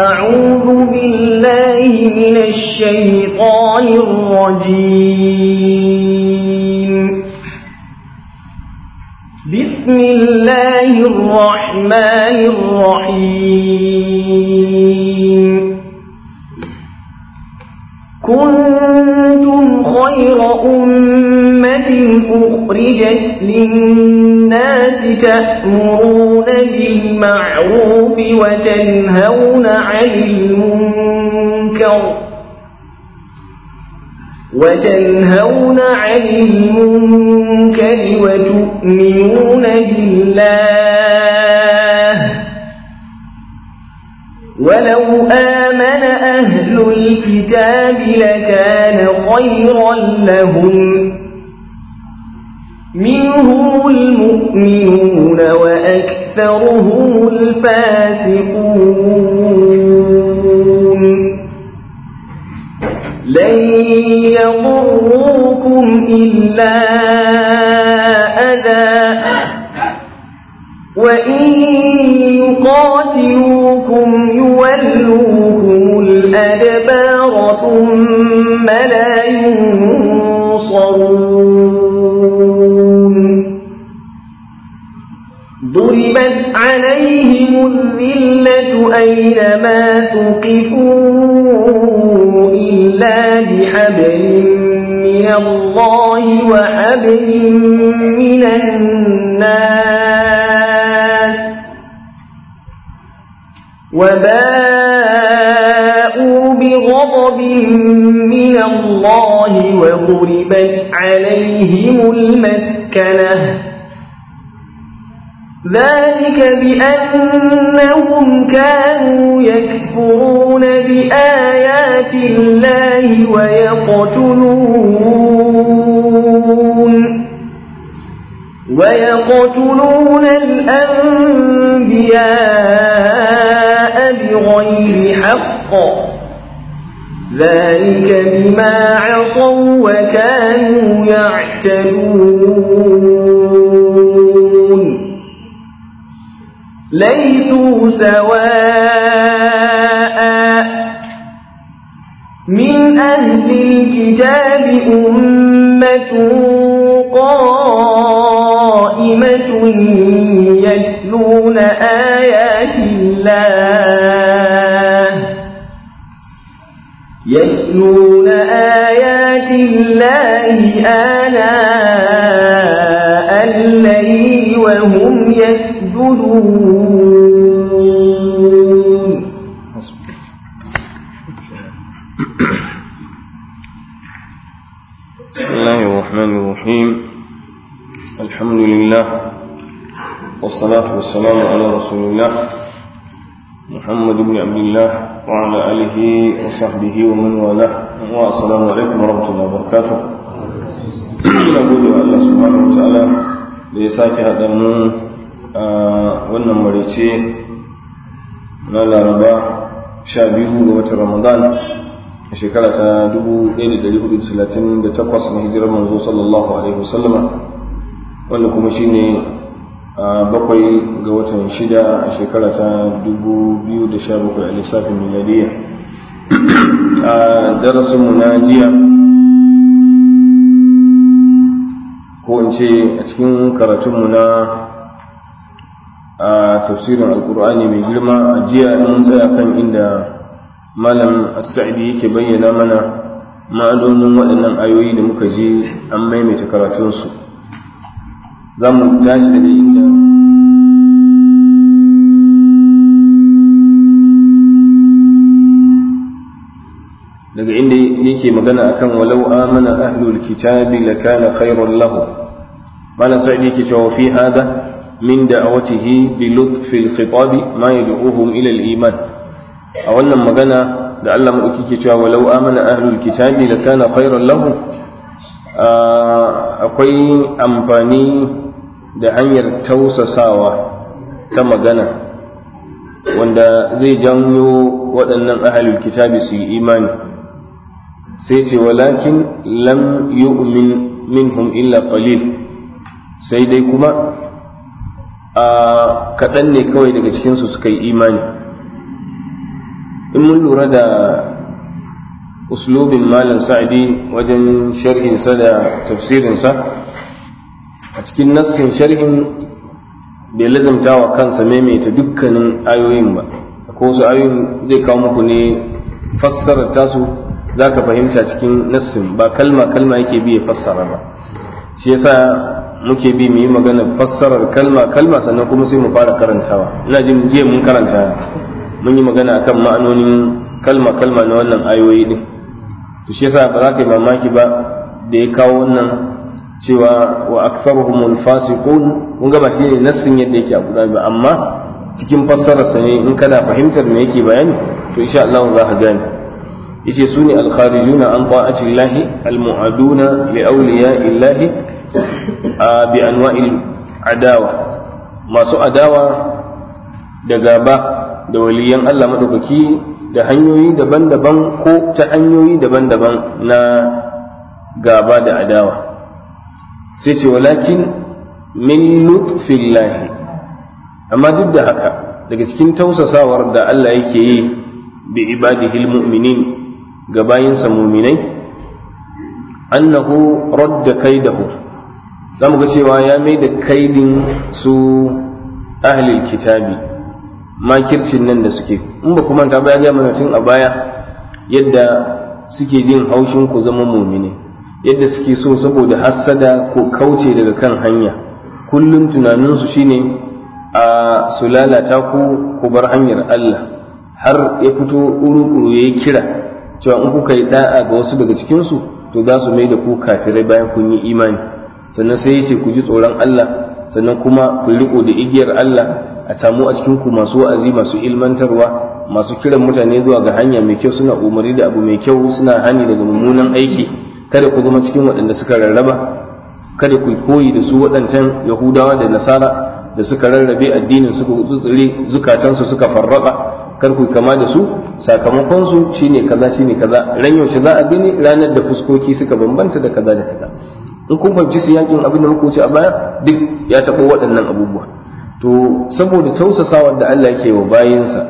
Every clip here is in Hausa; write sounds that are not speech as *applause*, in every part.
أعوذ بالله من الشيطان الرجيم بسم الله الرحمن الرحيم كنتم خير أمة أخرجت للناس تأمرون بالمعروف وتنهون عن المنكر وتنهون عن المنكر وتؤمنون بالله ولو آمن أهل الكتاب لكان خيرا لهم منهم المؤمنون وأكثرهم الفاسقون لن يضروكم إلا أذى وإن أينما تقفوا إلا بحبل من الله وحبل من الناس وباءوا بغضب من الله وضربت عليهم المسكنه ذلك بأنهم كانوا يكفرون بآيات الله ويقتلون ويقتلون الأنبياء بغير حق ذلك بما عصوا وكانوا يعتدون ليتوا سواء من أهل الكتاب أمة قائمة يتلون آيات الله يتلون آيات الله آلاء الليل وهم يسجدون الرحيم الحمد لله والصلاة والسلام على رسول الله محمد بن عبد الله وعلى آله وصحبه ومن والاه والسلام عليكم ورحمة الله وبركاته نقول الله سبحانه وتعالى ليساك هذا من ونمريتي مريتين laraba sha شابه رمضان a shekara ta 1438 na hijirar manzo sallallahu alaihi wasallama wanda kuma shine a bakwai ga watan shida a shekara ta 2017 a lissafin miladiya a darasinmu na jiya ko in ce a cikin karatunmu na a tafsirin alkur'ani mai girma a jiya in tsaya kan inda malam as-sa'idi yake bayyana mana ma'anonin waɗannan ayoyi da muka je an maimaita karatunsu za mu tashi daga inda daga inda yake magana akan walau amana ahlul kitabi lakana khairun lahu malam sa'idi yake cewa fi hada min da'awatihi bi lutfi al-khitab ma yad'uhum ila al-iman a wannan magana da Allah maɗauki ke cewa walau amana ahlul kitabi la kana khairan lahu akwai amfani da hanyar tausasawa ta magana wanda zai janyo waɗannan ahlul kitabi su yi imani sai ce walakin lam yu'min minhum illa qalil sai dai kuma a kaɗan ne kawai daga cikinsu suka yi imani in mun lura da uslubin malam sa'adi wajen sharhinsa da tafsirinsa a cikin nassin sharhin bai lazimta wa kansa maimaita dukkanin ayoyin ba ko su ayoyin zai kawo muku ne fassarar tasu za ka fahimta cikin nassin ba kalma kalma yake bi fassara ba shi yasa muke bi mu yi magana fassarar kalma kalma sannan kuma sai mu fara karantawa ina jin jiya mun karanta mun yi magana kan ma'anonin kalma-kalma na wannan ayoyi ne. to shi yasa ba za ka yi mamaki ba da ya kawo wannan cewa wa aktharuhum fasiqun mun ga ba shi ne nassin yadda yake a Qur'ani ba amma cikin fassararsa ne in kana fahimtar me yake bayani to insha Allah za ka gane yace sune ne al-kharijuna an ta'ati Allah al-mu'aduna li awliya Allah bi anwa'il adawa masu adawa da gaba da waliyan Allah madaukaki da hanyoyi daban-daban ko ta hanyoyi daban-daban na gaba da adawa sai ce walakin min lutfillahi amma duk da haka daga cikin tausasawar da Allah yake yi bi ibadihi almu'minin ga bayinsa mu'minai annahu radda kaidahu zamu ga cewa ya mai da kaidin su ahlil kitabi makircin nan da suke in ba kuma ta baya mana tun a baya yadda suke jin haushin ku zama mumine yadda suke so saboda hassada ko kauce daga kan hanya kullum tunaninsu shine a su lalata ku ku bar hanyar Allah har ya fito uru-uru ya kira cewa in kuka yi da'a ga wasu daga cikinsu to za su mai da ku kafirai bayan kun yi imani sannan sai ya ce ku ji tsoron Allah sannan kuma ku riko da igiyar Allah a samu a cikin ku masu wa'azi masu ilmantarwa masu kiran mutane zuwa ga hanya mai kyau suna umarni da abu mai kyau suna hani daga mummunan aiki kada ku zama cikin waɗanda suka rarraba kada ku koyi da su waɗancan yahudawa da nasara da suka rarrabe addinin suka tsutsure zukatansu suka farraba kar ku kama da su sakamakon su shine kaza shine kaza ran yaushe za a gani ranar da fuskoki suka bambanta da kaza da kaza in kun fahimci su yakin abin da muka wuce a baya duk ya taɓo waɗannan abubuwa to saboda tausasa wanda Allah ke wa bayinsa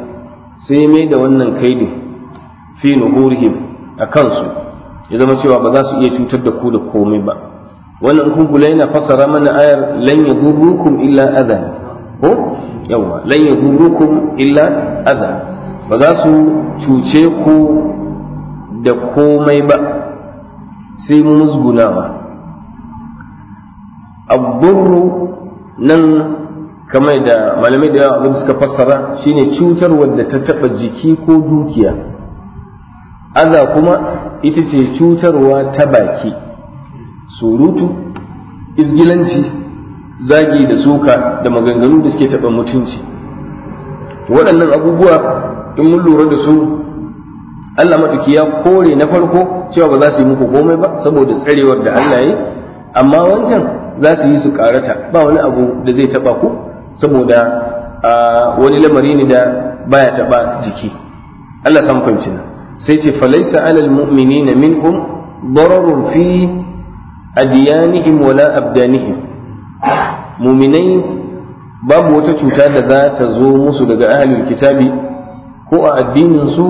sai mai da wannan kaidin fi nuhurihim a kansu ya zama cewa ba za su iya cutar da ku da komai ba wannan kun kula yana fasara mana ayar lan yadurukum illa adha ko yawa lan yadurukum illa adha ba za su cuce ku da komai ba sai musguna ba abdurru nan kamar da malamai da yawa suka fassara shine cutar wadda ta taba jiki ko dukiya aza kuma ita ce cutarwa ta baki surutu izgilanci zagi da suka da maganganu da suke taba mutunci waɗannan abubuwa in mun lura da su Allah maɗuki ya kore na farko cewa ba za su yi muku komai ba saboda tsarewar da Allah ya yi amma wancan za su yi su karata ba wani abu da zai taba ku saboda wani lamari ne da baya taɓa jiki Allah san fahimci nan sai ce falaisa alal mu'minina minhum dararun fi adiyanihim wala abdanihim muminai babu wata cuta da za ta zo musu daga ahlul kitabi ko a addininsu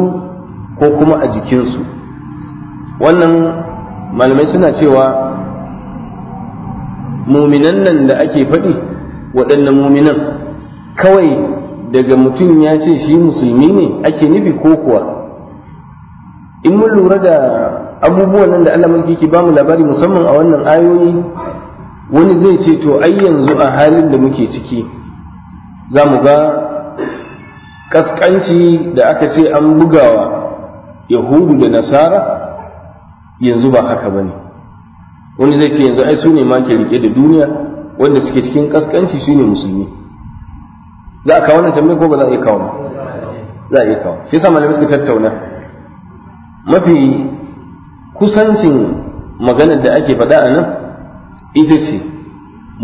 ko kuma a jikinsu wannan malamai suna cewa muminan nan da ake faɗi waɗannan muminan kawai daga mutum ya ce shi musulmi ne ake nufi ko kuwa in mun lura da abubuwan nan da Allah mulki ke mu labari musamman a wannan ayoyi wani zai ce to ai yanzu a halin da muke ciki za mu ga kaskanci da aka ce an bugawa yahudu da nasara yanzu ba haka ba ne wani zai ce yanzu ai su ne ma ke rike da duniya wanda suke cikin kaskanci shine musulmi za a kawo wannan tambayar ko ba za a iya kawo za a iya kawo shi yasa malamai suka tattauna mafi kusancin maganar da ake faɗa a nan ita ce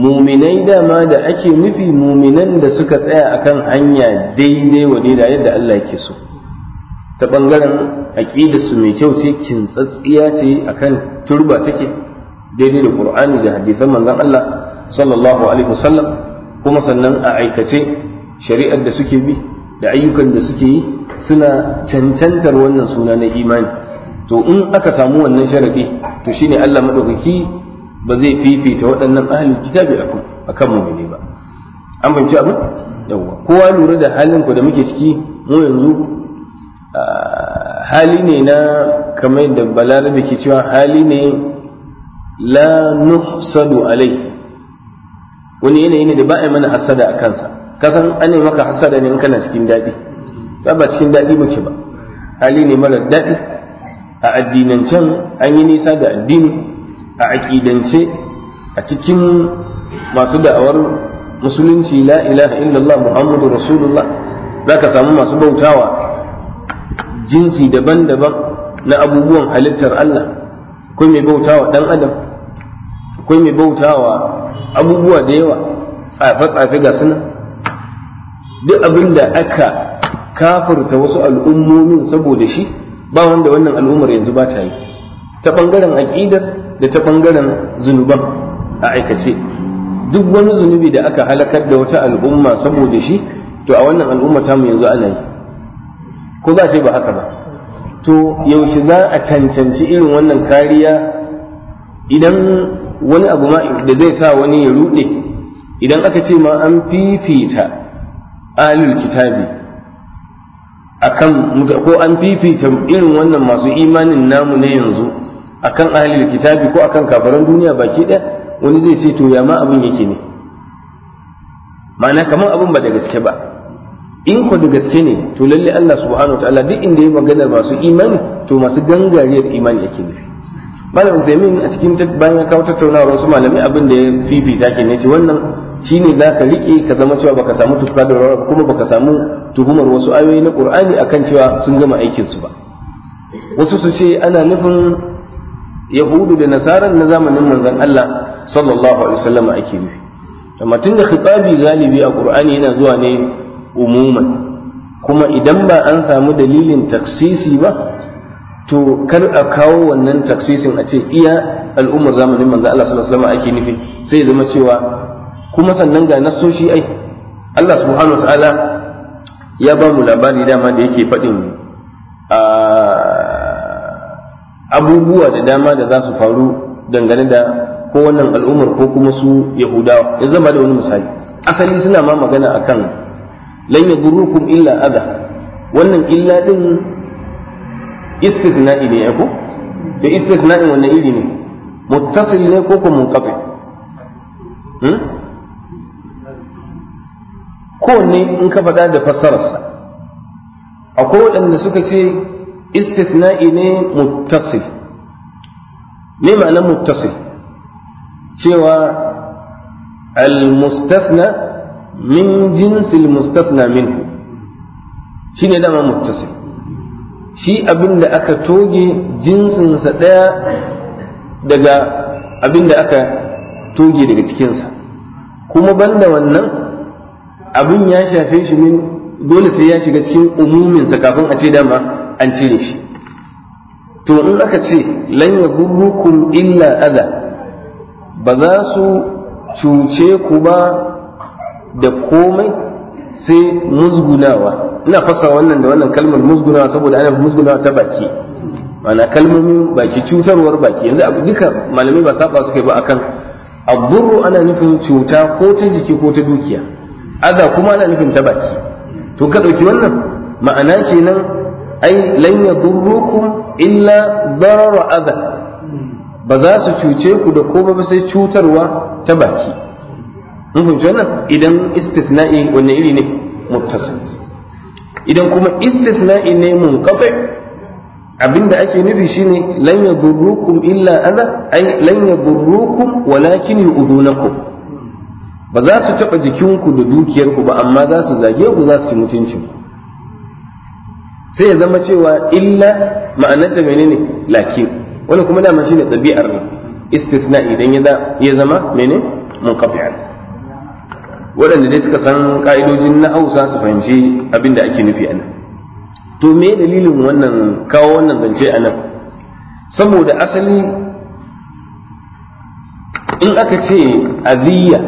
muminai dama da ake nufi muminan da suka tsaya akan hanya daidai wa da yadda Allah yake so ta ɓangaren su mai kyau ce kintsatsiya ce akan turba take daidai da ƙur'ani da hadisan manzon Allah sallallahu alaihi wasallam kuma sannan a aikace shari'ar da suke bi da ayyukan da suke yi suna cancantar wannan suna na imani to in aka samu wannan sharadi to shine Allah madaukaki ba zai fifita waɗannan ahlul kitabi akan mu'mini ba an fahimci abin yawwa kowa lura da halin ku da muke ciki mu yanzu hali ne na kamar da balarabe ke cewa hali ne la nuhsadu alai wani yanayi ne da ba a mana hasada a kansa kasan an yi maka hasada ne in kana cikin daɗi ba ba cikin daɗi muke ba hali ne mara daɗi a addinancen an yi nisa da addini a aƙidance a cikin masu da'awar musulunci la ilaha illallah muhammadu rasulullah za ka samu masu bautawa jinsi daban-daban na abubuwan halittar allah ko mai bautawa ɗan adam akwai mai bautawa abubuwa da yawa tsafe-tsafe ga suna duk abin da aka kafurta wasu al'ummomin saboda shi ba wanda wannan al'ummar yanzu ba ta yi ta ɓangaren aƙidar da ta ɓangaren zunuban a aikace duk wani zunubi da aka halakar da wata al'umma saboda shi to a wannan al'umma ta mu yanzu ana yi ko za ce ba haka ba to yaushe za a cancanci irin wannan kariya idan wani abu ma da zai sa wani ya rude idan aka ce ma an fifita alul kitabi akan ko an fifita irin wannan masu imanin namu ne yanzu akan alil kitabi ko akan kafaran duniya baki ɗaya wani zai ce to ya ma abin yake ne ma'ana kamar abin ba da gaske ba in ku da gaske ne to lalle Allah subhanahu wa ta'ala duk inda ya maganar masu imani to masu gangariyar imani yake nufi malam zaimin a cikin bayan ya kawo tattaunawar wasu malamai abin da ya fifita ke ne ce wannan ne za ka riƙe ka zama cewa baka samu tufka da rawar kuma baka samu tuhumar wasu ayoyi na a akan cewa sun gama aikin su ba wasu su ce ana nufin yahudu da nasaran na zamanin manzon Allah sallallahu alaihi wasallam ake nufi amma da khitabi galibi a ƙur'ani yana zuwa ne umuman kuma idan ba an samu dalilin taksisi ba to kar a kawo wannan taksisin a ce iya al'ummar zamanin manzo Allah sallallahu alaihi wasallam ake nufi sai ya zama cewa kuma sannan ga nasoshi ai Allah subhanahu wataala ya ba mu labari dama da yake faɗin abubuwa da dama da za su faru dangane da ko wannan al'ummar ko kuma su yahudawa ya zama da wani misali asali suna ma magana akan lan yagurukum illa adha wannan illa din istisna'i ne ya ko to istisna'in wannan iri ne muttasil ne ko kuma munqati hmm ko ne in ka faɗa da fassarar sa akwai waɗanda suka ce istisna'i ne muttasil ne ma'anar muttasil cewa al المستثنى من جنس المستثنى منه شنو دام muttasil shi abin da aka toge jinsinsa ɗaya daga abin da aka toge daga cikinsa kuma banda wannan abin ya shafe shi min dole sai ya shiga cikin umuminsa kafin a ce dama an cire shi to in aka ce lan yadurrukum illa adha ba za su cuce ku ba da komai sai musgunawa ina fassara wannan da wannan kalmar musguna saboda ana musguna ta baki ma'ana kalmomin baki cutarwar baki yanzu abu duka malamai ba saba suke yi ba akan abdurru ana nufin cuta ko ta jiki ko ta dukiya aza kuma ana nufin ta baki to ka dauki wannan ma'ana kenan ai lan yadurrukum illa darar adha ba za su cuce ku da komai ba sai cutarwa ta baki mun fahimci wannan idan istithna'i wanne iri ne muttasil idan kuma istisna'i ne mun kafe, abinda ake nufi shine lan yadurrukum illa adha ay lan yadurrukum walakin ku. ba za su taba jikinku da dukiyarku ba amma za su zage ku za su mutunci. sai ya zama cewa illa ma'anarta menene lakin wani kuma dama shine ɗabi'ar istisna idan ya zama menene mun munqati'an waɗanda dai suka san ka'idojin na hausa su fahimci abin da ake nufi a to me dalilin wannan kawo wannan zance a nan saboda asali in aka ce aziyya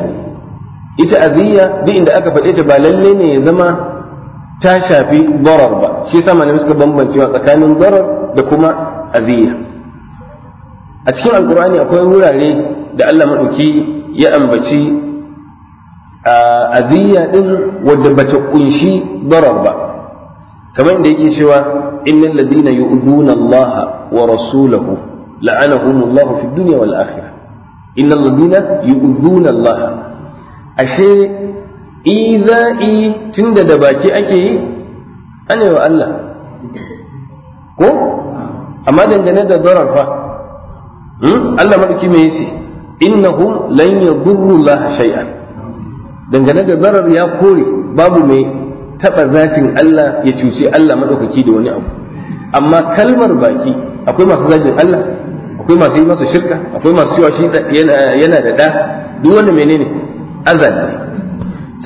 ita aziyya duk inda aka faɗe ta ba lalle ne ya zama ta shafi darar ba shi yasa malamai suka bambancewa tsakanin darar da kuma aziyya a cikin alkur'ani akwai wurare da Allah maɗauki ya ambaci aziyya din wadda bata kunshi darar ba kamar da yake cewa innal ladina yu'dhuna Allah wa rasulahu la'anahumullahu fid dunya wal akhirah innal ladina yu'dhuna Allah ashe iza'i tunda da baki ake yi ana wa Allah ko amma dangane da darar fa hmm? Allah madauki me Allah dangane da zarar ya kore babu mai taɓa zatin Allah ya cuce Allah maɗaukaki da wani abu amma kalmar baki akwai masu zagin Allah akwai masu yi masa shirka akwai masu cewa shi yana da ɗa duk wanda menene azan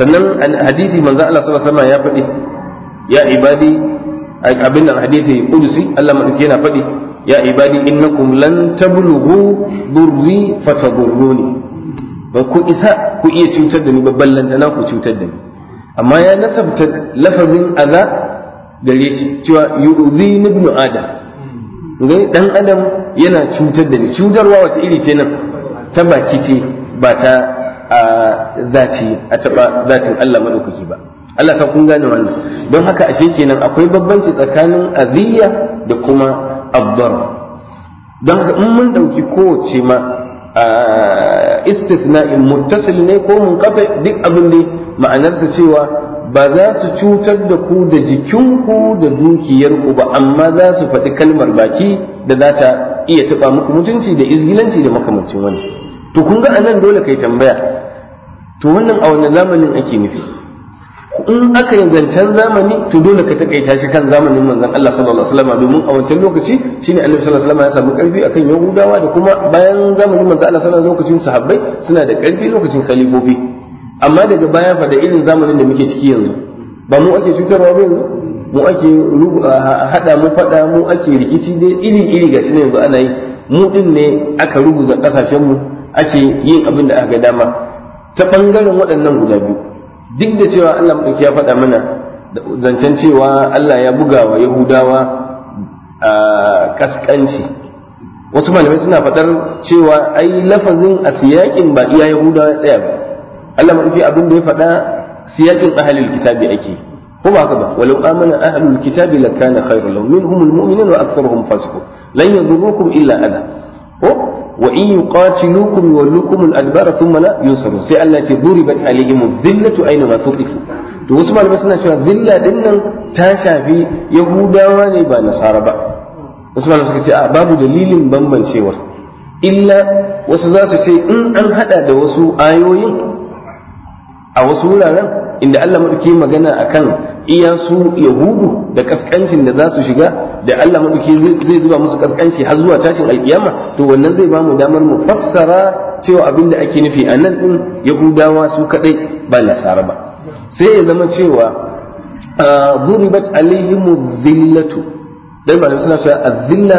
sannan hadisi manzo Allah sallallahu alaihi ya faɗi ya ibadi abin nan hadisi qudusi Allah madauki yana faɗi ya ibadi innakum lan tablughu durri fatadurruni ba ku isa ku iya cutar da ni ba ballantana ku cutar da ni amma ya nasabta lafazin aza gare shi cewa yu'dhi ibn adam ngai dan adam yana cutar da ni cutarwa wata iri ce nan ta baki ce ba ta zaci a taba zatin Allah madaukaki ba Allah sa kun gane wannan don haka ashe kenan akwai babbanci tsakanin aziyya da kuma abdar don haka in mun dauki kowace ma istisna'in muttasil ne ko mun kafa duk abin da ma'anarsa cewa ba za su cutar da ku da jikinku da dukiyarku ba amma za su faɗi kalmar baki da za ta iya taɓa muku mutunci da izgilanci da makamancin wani to kun ga anan dole kai tambaya to wannan a wannan zamanin ake nufi in aka yi zancen zamani to dole ka takaita shi kan zamanin manzon Allah sallallahu alaihi wasallam domin a wancan lokaci shine Annabi sallallahu alaihi wasallam ya samu karfi akan Yahudawa da kuma bayan zamanin manzon Allah sallallahu alaihi lokacin sahabbai suna da karfi lokacin khalifofi amma daga baya fa da irin zamanin da muke ciki yanzu ba mu ake cutarwa ba yanzu mu ake hada mu fada mu ake rikici dai iri iri gashi ne yanzu ana yi mu din ne aka rubuta kasashen mu ake yin abin da aka ga dama ta bangaren waɗannan guda biyu duk da cewa Allah madauki ya faɗa mana zancen cewa Allah ya buga wa Yahudawa a kaskanci wasu malamai suna faɗar cewa ai lafazin a siyakin ba iya Yahudawa ɗaya ba Allah madauki abin da ya faɗa siyakin ahalil kitabi ake ko ba haka ba walau amana ahlul kitabi lakana khairul lahum minhum almu'minun wa aktharuhum fasiqun lan yadurrukum illa adha ko wa in yuqatilukum yuwallukum al-adbara thumma la yunsaru sai Allah ce duribat alaihim dhillatu aina ma tuqifu to wasu malamai suna cewa zilla ɗin nan ta shafi yahudawa ne ba nasara ba wasu malamai suka ce a babu dalilin bambancewar illa wasu za su ce in an hada da wasu ayoyin a wasu wuraren inda Allah madauki magana akan kan su yahudu da kaskancin da za su shiga da Allah madauki zai zuba musu kaskanci har zuwa tashin alkiyama to wannan zai ba mu damar mu fassara cewa abinda ake nufi a nan din yahudawa su kadai ba nasara ba sai ya zama cewa duribat alaihim Zillatu, dai ba suna cewa azilla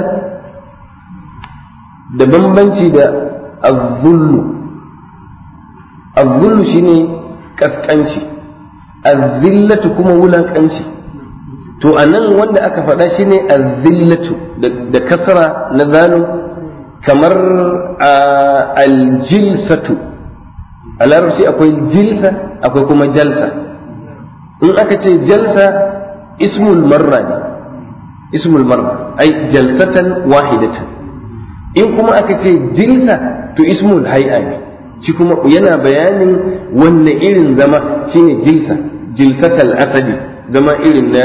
da bambanci da azzullu azzullu shine kaskanci Azillatu kuma wulakanci to anan wanda aka faɗa shine azillatu da kasra na zalun kamar aljilsatu a larabci akwai jilsa akwai kuma jalsa in aka ce jalsa ismul marra ne ismul marra ai jalsatan wahidatan in kuma aka ce jilsa to ismul hay'a ne shi kuma yana bayanin wanne irin zama shine jilsa jilsatal asadi zama irin na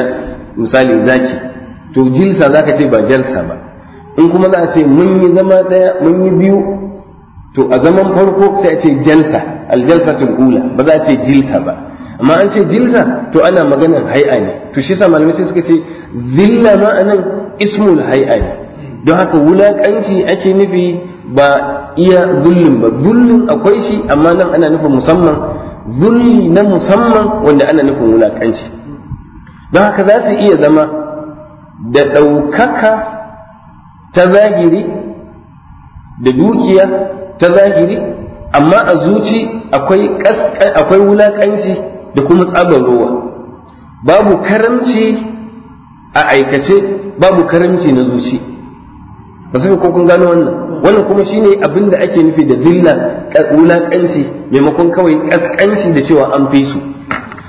misali zaki to jilsa zaka ce ba jalsa ba in kuma za a ce mun yi zama daya mun yi biyu to a zaman farko sai a ce jalsa aljalsa ula ba za a ce jilsa ba amma an ce jilsa to ana maganar hai'a ne to shi sa malamai sai suka ce zilla ma'anan ismul hai'a ne don haka wulakanci ake nufi ba iya zullun ba zullun akwai shi amma nan ana nufin musamman zulli na musamman wanda ana nufin wulakanci don haka za su iya zama da ɗaukaka ta zahiri da dukiya ta zahiri amma a zuci akwai wulakanci da kuma tsabar ruwa babu karamci a aikace babu karamci na zuci ba ko kun gano wannan wannan kuma shine abin da ake nufi da zilla wulaƙanci maimakon kawai kaskanci da cewa an fi su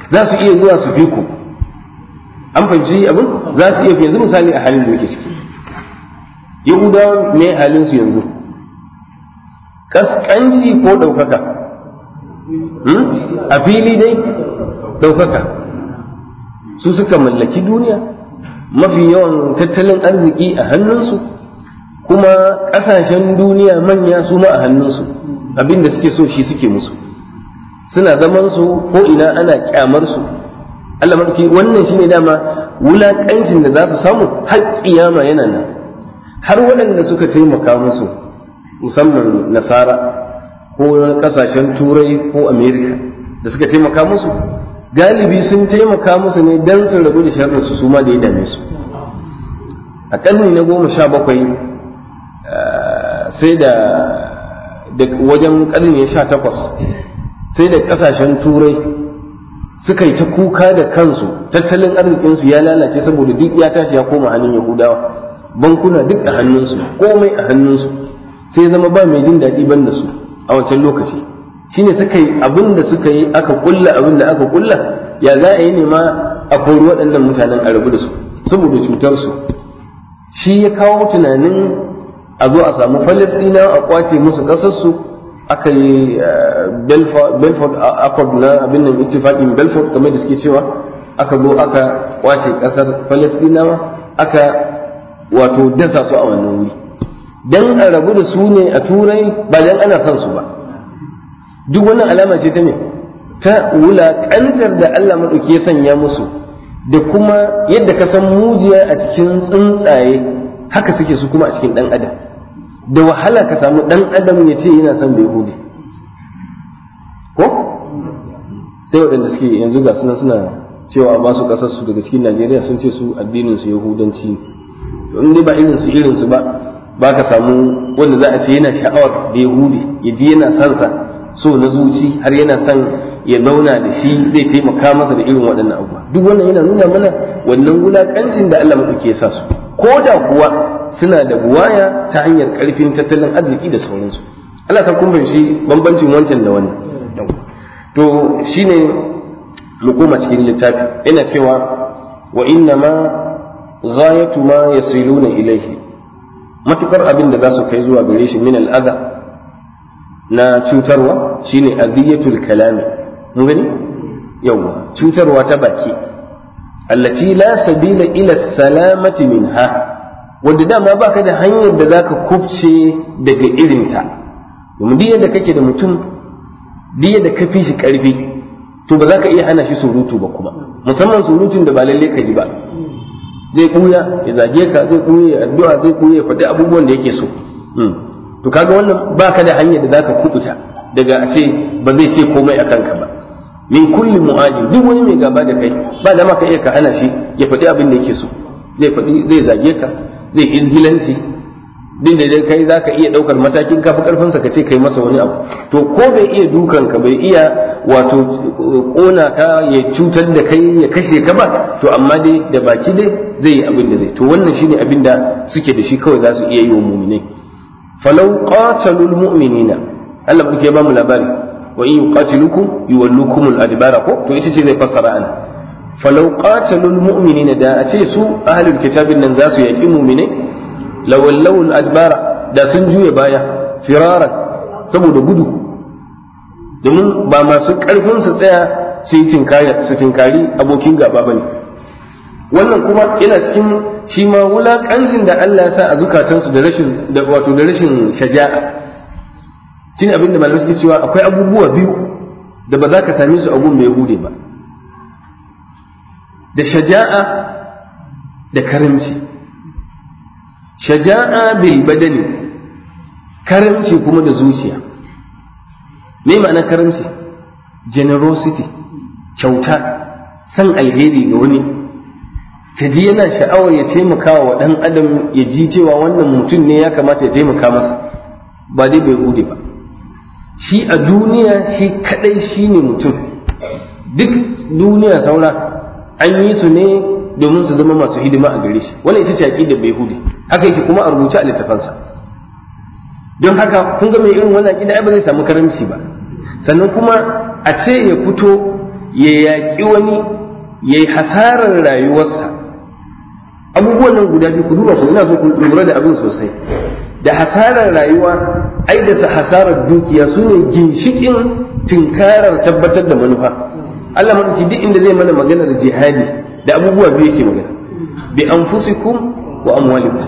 za su iya zuwa su fi ku an fahimci abin za su iya fi yanzu misali a halin da yake ciki yahudawa ne halin su yanzu kaskanci ko ɗaukaka hmm? a fili dai ɗaukaka su suka mallaki duniya mafi yawan tattalin arziki a hannunsu kuma ƙasashen duniya manya su ma a hannunsu abinda suke so shi suke musu suna zaman su ko ina ana kyamar su Allah mafi wannan shi ne dama wulaƙancin da za su samu har ƙiyama yana nan har waɗanda suka taimaka musu musamman nasara ko ƙasashen turai ko amerika da suka taimaka musu galibi sun taimaka musu ne don su rabu da sharrinsu su ma da ya dame su a ƙarni na goma sha bakwai sai da wajen ƙarni sha takwas sai da ƙasashen turai suka yi ta kuka da kansu tattalin arzikinsu ya lalace saboda duk ya tashi ya koma hannun yahudawa bankuna duk a hannunsu komai a hannunsu sai zama ba mai jin daɗi ban da su a wancan lokaci shine suka yi abin da suka yi aka kulla abin da aka kulla ya za a yi nema ma a kori waɗannan mutanen a rabu da su saboda cutarsu shi ya kawo tunanin a zo a samu falisdina a kwace musu kasarsu aka yi eh, belford accord na abin nan ittifaqin belford kamar da suke cewa aka zo aka kwace kasar falisdina aka wato dasa su a wannan wuri dan a rabu da su ne a turai ba dan ana son su ba duk wannan alama ce ta me ta wulaƙantar da Allah maɗauki ya sanya musu da kuma yadda ka san mujiya a cikin tsuntsaye haka suke su kuma a cikin ɗan adam da wahala ka samu dan adam ya ce yana son bai yahudi ko sai waɗanda suke yanzu ga suna suna cewa ba su ƙasar su daga cikin najeriya sun ce su addinin su yahudanci to in dai ba irin su irin su ba ba ka samu wanda za a ce yana sha'awar da yahudi ya ji yana son sa so na zuci har yana son ya zauna da shi zai taimaka masa da irin waɗannan abubuwa duk wannan yana nuna mana wannan wulaƙancin da Allah ke sa su ko da kuwa suna da buwaya ta hanyar karfin tattalin arziki da sauransu Allah san kun fahimci bambancin wancan da wannan to shine lukuma cikin littafi yana cewa wa inna ma ghayatu ma yasiluna ilayhi matukar abin da za su kai zuwa gare shi min al'adha na cutarwa shine adiyatul kalami mun gani yawa cutarwa ta baki allati la sabila ila salamati minha wanda dama ba ka da hanyar da za ka kubce daga irinta domin duk yadda kake da mutum duk yadda ka fi shi karfi to ba za ka iya hana shi surutu ba kuma musamman surutun da ba lalle ka ji ba zai kuya ya zage ka zai kuya ya addu'a zai kuya ya faɗi abubuwan da yake so hmm. to kaga wannan ba ka da hanyar da za ka kubuta daga a ce ba zai ce komai akan ka ba min kulli mu'ajin duk wani mai gaba da kai ba dama ka iya ka hana shi ya faɗi abin da yake so zai faɗi zai zage ka zai izgilanci din da kai za ka iya ɗaukar matakin kafi ƙarfinsa ka ce kai masa wani abu to ko bai iya dukan ka bai iya wato kona eh, ka ya cutar da kai ya kashe ka ba to amma dai da baki dai zai yi abin da zai to wannan shine abin da suke da shi kawai za su iya yi wa muminai falau qatalul mu'minina Allah buke ba mu labari wa in yuqatilukum al adbara ko to ita ce zai fassara ana falau qatalul na da a ce su ahlul kitabin nan za su yaƙi mu'mine al adbara da sun juya baya firaran saboda gudu domin ba masu ƙarfin su tsaya su yi tinkari abokin gaba bane wannan kuma yana cikin shi ma wulaƙancin da Allah ya sa a zukatansu da rashin da wato da rashin shaja'a shine abinda da malamai suke cewa akwai abubuwa biyu da ba za ka same su a gun mai hude ba da shaja'a da karamci shaja'a bil badani karamci kuma da zuciya me ma'ana karamci generosity kyauta san alheri ga wani ka ji yana sha'awar ya taimaka wa ɗan adam ya ji cewa wannan mutum ne ya kamata ya taimaka masa ba dai bai gode ba shi a duniya shi kadai shi ne mutum duk duniya saura an yi su ne domin su zama masu hidima a gare shi wannan ita ce aqidar hudu. haka yake kuma a rubuce a littafansa don haka kun ga mai irin wannan aqida ai ba zai samu karamci ba sannan kuma a ce ya fito ya yaƙi wani ya yi hasarar rayuwarsa abubuwan nan guda biyu ku duba ku ina so ku lura da abin sosai da hasarar rayuwa ai da hasarar dukiya su ne ginshikin tinkarar tabbatar da manufa Allah madauki duk inda zai mana maganar jihadi da abubuwa biyu yake magana bi anfusikum wa amwalikum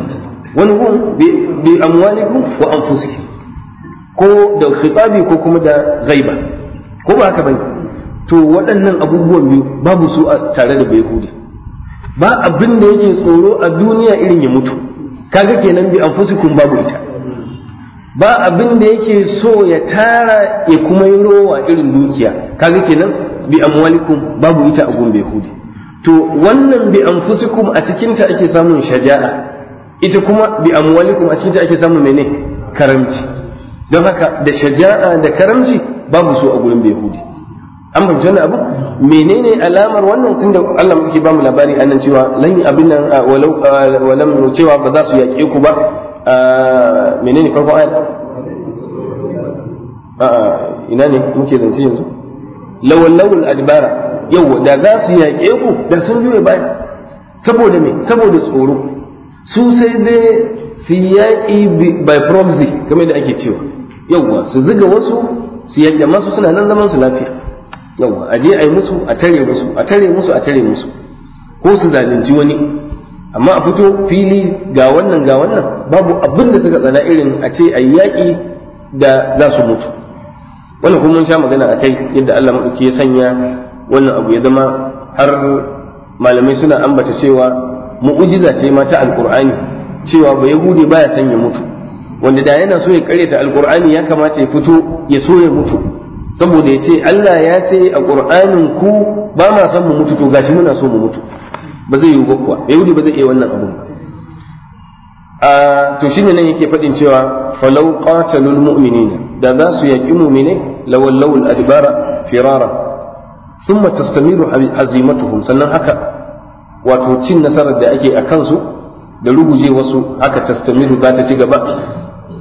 wani gun bi amwalikum wa anfusikum ko da khitabi ko kuma da ghaiba ko ba haka bane to waɗannan abubuwan biyu babu su a tare da bai ba abin da yake tsoro a duniya irin ya mutu kaga kenan bi anfusikum babu ita ba abin da yake so ya tara ya kuma yi rowa irin dukiya kaga kenan bi amwalikum babu ita a gombe hudi to wannan bi anfusikum a cikin ta ake samun shaja'a ita kuma bi amwalikum a cikin ta ake samun mene karamci don haka da shaja'a da karamci babu su a gurin hudi. an fahimci wannan abu menene alamar wannan sun da Allah muke ba mu labari annan cewa lan abin nan walau walam cewa ba za su yaƙe ku ba menene farko ayat ina ne muke zance yanzu lawallawul adbara yau da za su yaƙe ku da sun juye baya saboda me saboda tsoro su sai dai su yaƙi by proxy kamar da ake cewa yauwa su ziga wasu su yaƙe masu suna nan zaman su lafiya yauwa a je a yi musu a tare musu a tare musu a tare musu ko su zalunci wani amma a fito fili ga wannan ga wannan babu abinda suka tsana irin a ce a yaƙi da za su mutu wannan kuma mun sha magana a kai yadda Allah maɗauki ya sanya wannan abu ya zama har malamai suna ambata cewa mu'ujiza ce ma ta alqur'ani cewa ba yahudi ba ya ya mutu wanda da yana so ya karyata alqur'ani ya kamata ya fito ya so ya mutu saboda ya ce Allah ya ce a qur'anin ku ba ma san mu mutu to gashi muna so mu mutu ba zai yiwu ba kuwa yahudi ba zai iya wannan abun a to shine nan yake faɗin cewa falau qatalul mu'minina da za su yaƙi mumine lawallawul adbara firara sun tastamiru azimatuhum sannan haka wato cin nasarar da ake a kansu da ruguje wasu haka tastamiru za ta ci gaba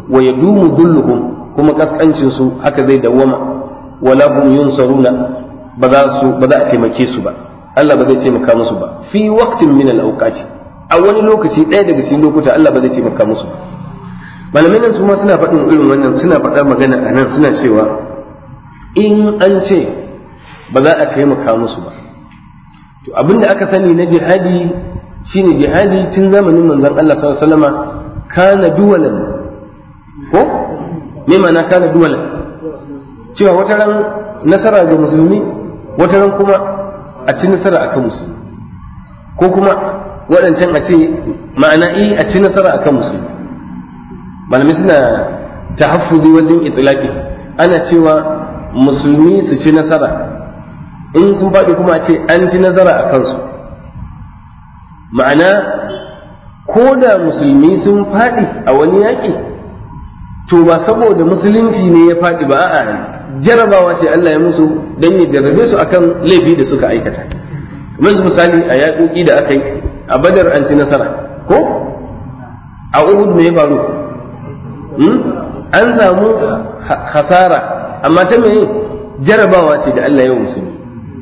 wa ya dumu dulluhum kuma kaskancinsu haka zai dawwama wala hum yunsaruna ba za su ba za a taimake su ba Allah ba zai taimaka musu ba fi waqtin min al-awqati a wani lokaci ɗaya daga cikin lokuta Allah ba zai taimaka musu ba malamai nan su ma suna faɗin irin wannan suna faɗa magana a nan suna cewa in an ce ba za a taimaka musu ba to abin da aka sani na jihadi shine jihadi tun zamanin manzon Allah sallallahu alaihi wasallama kana duwalan ko me ma'ana kana duwalan cewa wata ran nasara ga musulmi wata ran kuma a ci nasara akan musulmi ko kuma waɗancan a ce ma'ana i a ci nasara akan musulmi malamai suna ta hafuzi wajen itilaki ana cewa musulmi su ci nasara in sun faɗi kuma a ce an ci nasara a kansu ma'ana ko da musulmi sun faɗi a wani yaƙi to ba saboda musulunci ne ya faɗi ba a jarabawa ce Allah ya musu don ya jarrabe su akan laifi da suka aikata su misali a yaƙoƙi da aka yi a badar an ci nasara ko a uhud me ya faru Hmm? an samu hasara amma ta mai jarabawa ce da Allah ya musulmi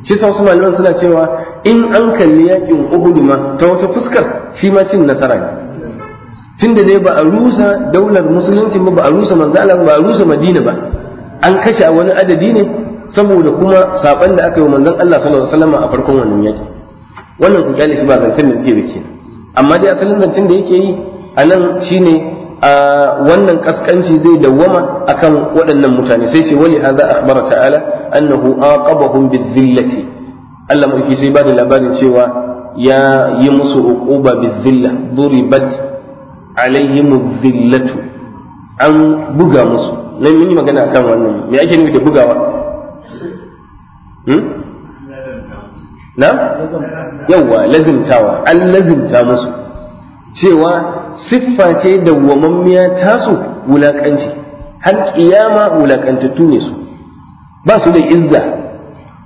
shi sa wasu malaman suna cewa in an kalli yakin Uhud ma ta wata fuskar shi ma cin nasara ne tunda dai ba a rusa daular musulunci ba ba a rusa manzo Allah ba a rusa Madina ba an kashe a wani adadi ne saboda kuma saban da aka yi wa manzon Allah sallallahu alaihi wasallam a farkon wannan yaki wannan ku kyale shi ba zancen da yake amma dai asalin zancen da yake yi a nan shine wannan kaskanci zai dawwama akan waɗannan mutane sai ce wali hadha akhbara ta'ala annahu aqabahum bizillati Allah mu sai ba da labarin cewa ya yi musu uquba bizilla duribat alaihim zillatu an buga musu nan mun yi magana akan wannan me ake nufi da bugawa hmm? na yawwa lazimtawa an lazimta musu cewa siffa ce wamammiya tasu wulakanci har kiyama wulakantattu ne su ba su da izza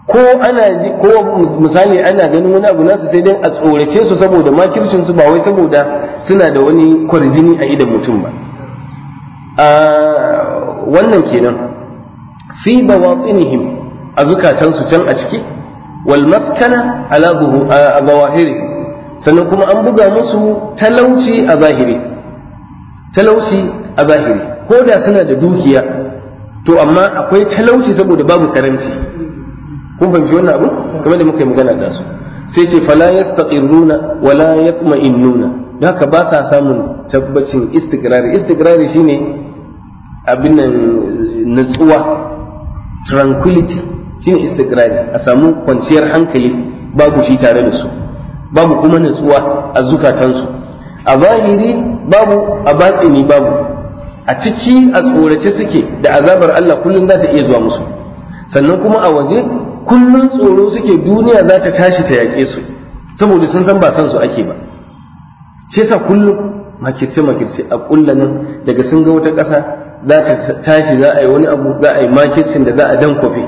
ko ana ji ko misali ana ganin wani abu nasu sai dai a tsorace su saboda makircin su ba wai saboda suna da wani kwarjini a idan mutum ba a wannan kenan fi bawatinihim a zukatansu can a ciki wal maskana ala bawahirihim sannan kuma an buga musu talauci a zahiri talauci a zahiri ko da suna da dukiya to amma akwai talauci saboda babu karanci kun fahimci wannan abu kamar da muka yi magana da su sai ce fala yastaqirruna wala yatma'innuna haka ba sa samun tabbacin istiqrari istiqrari shine abin nan natsuwa tranquility shine istiqrari a samu kwanciyar hankali babu shi tare da su babu kuma nutsuwa a zukatansu a zahiri babu a batsini babu a ciki a tsorace suke da azabar Allah kullum za ta iya zuwa musu sannan kuma a waje kullum tsoro suke duniya za ta tashi ta yaƙe su saboda sun san ba san su ake ba ce yasa kullum makirce makirce a kulla daga sun ga wata ƙasa za ta tashi za a yi wani abu za a yi makircin da za a dan kwafe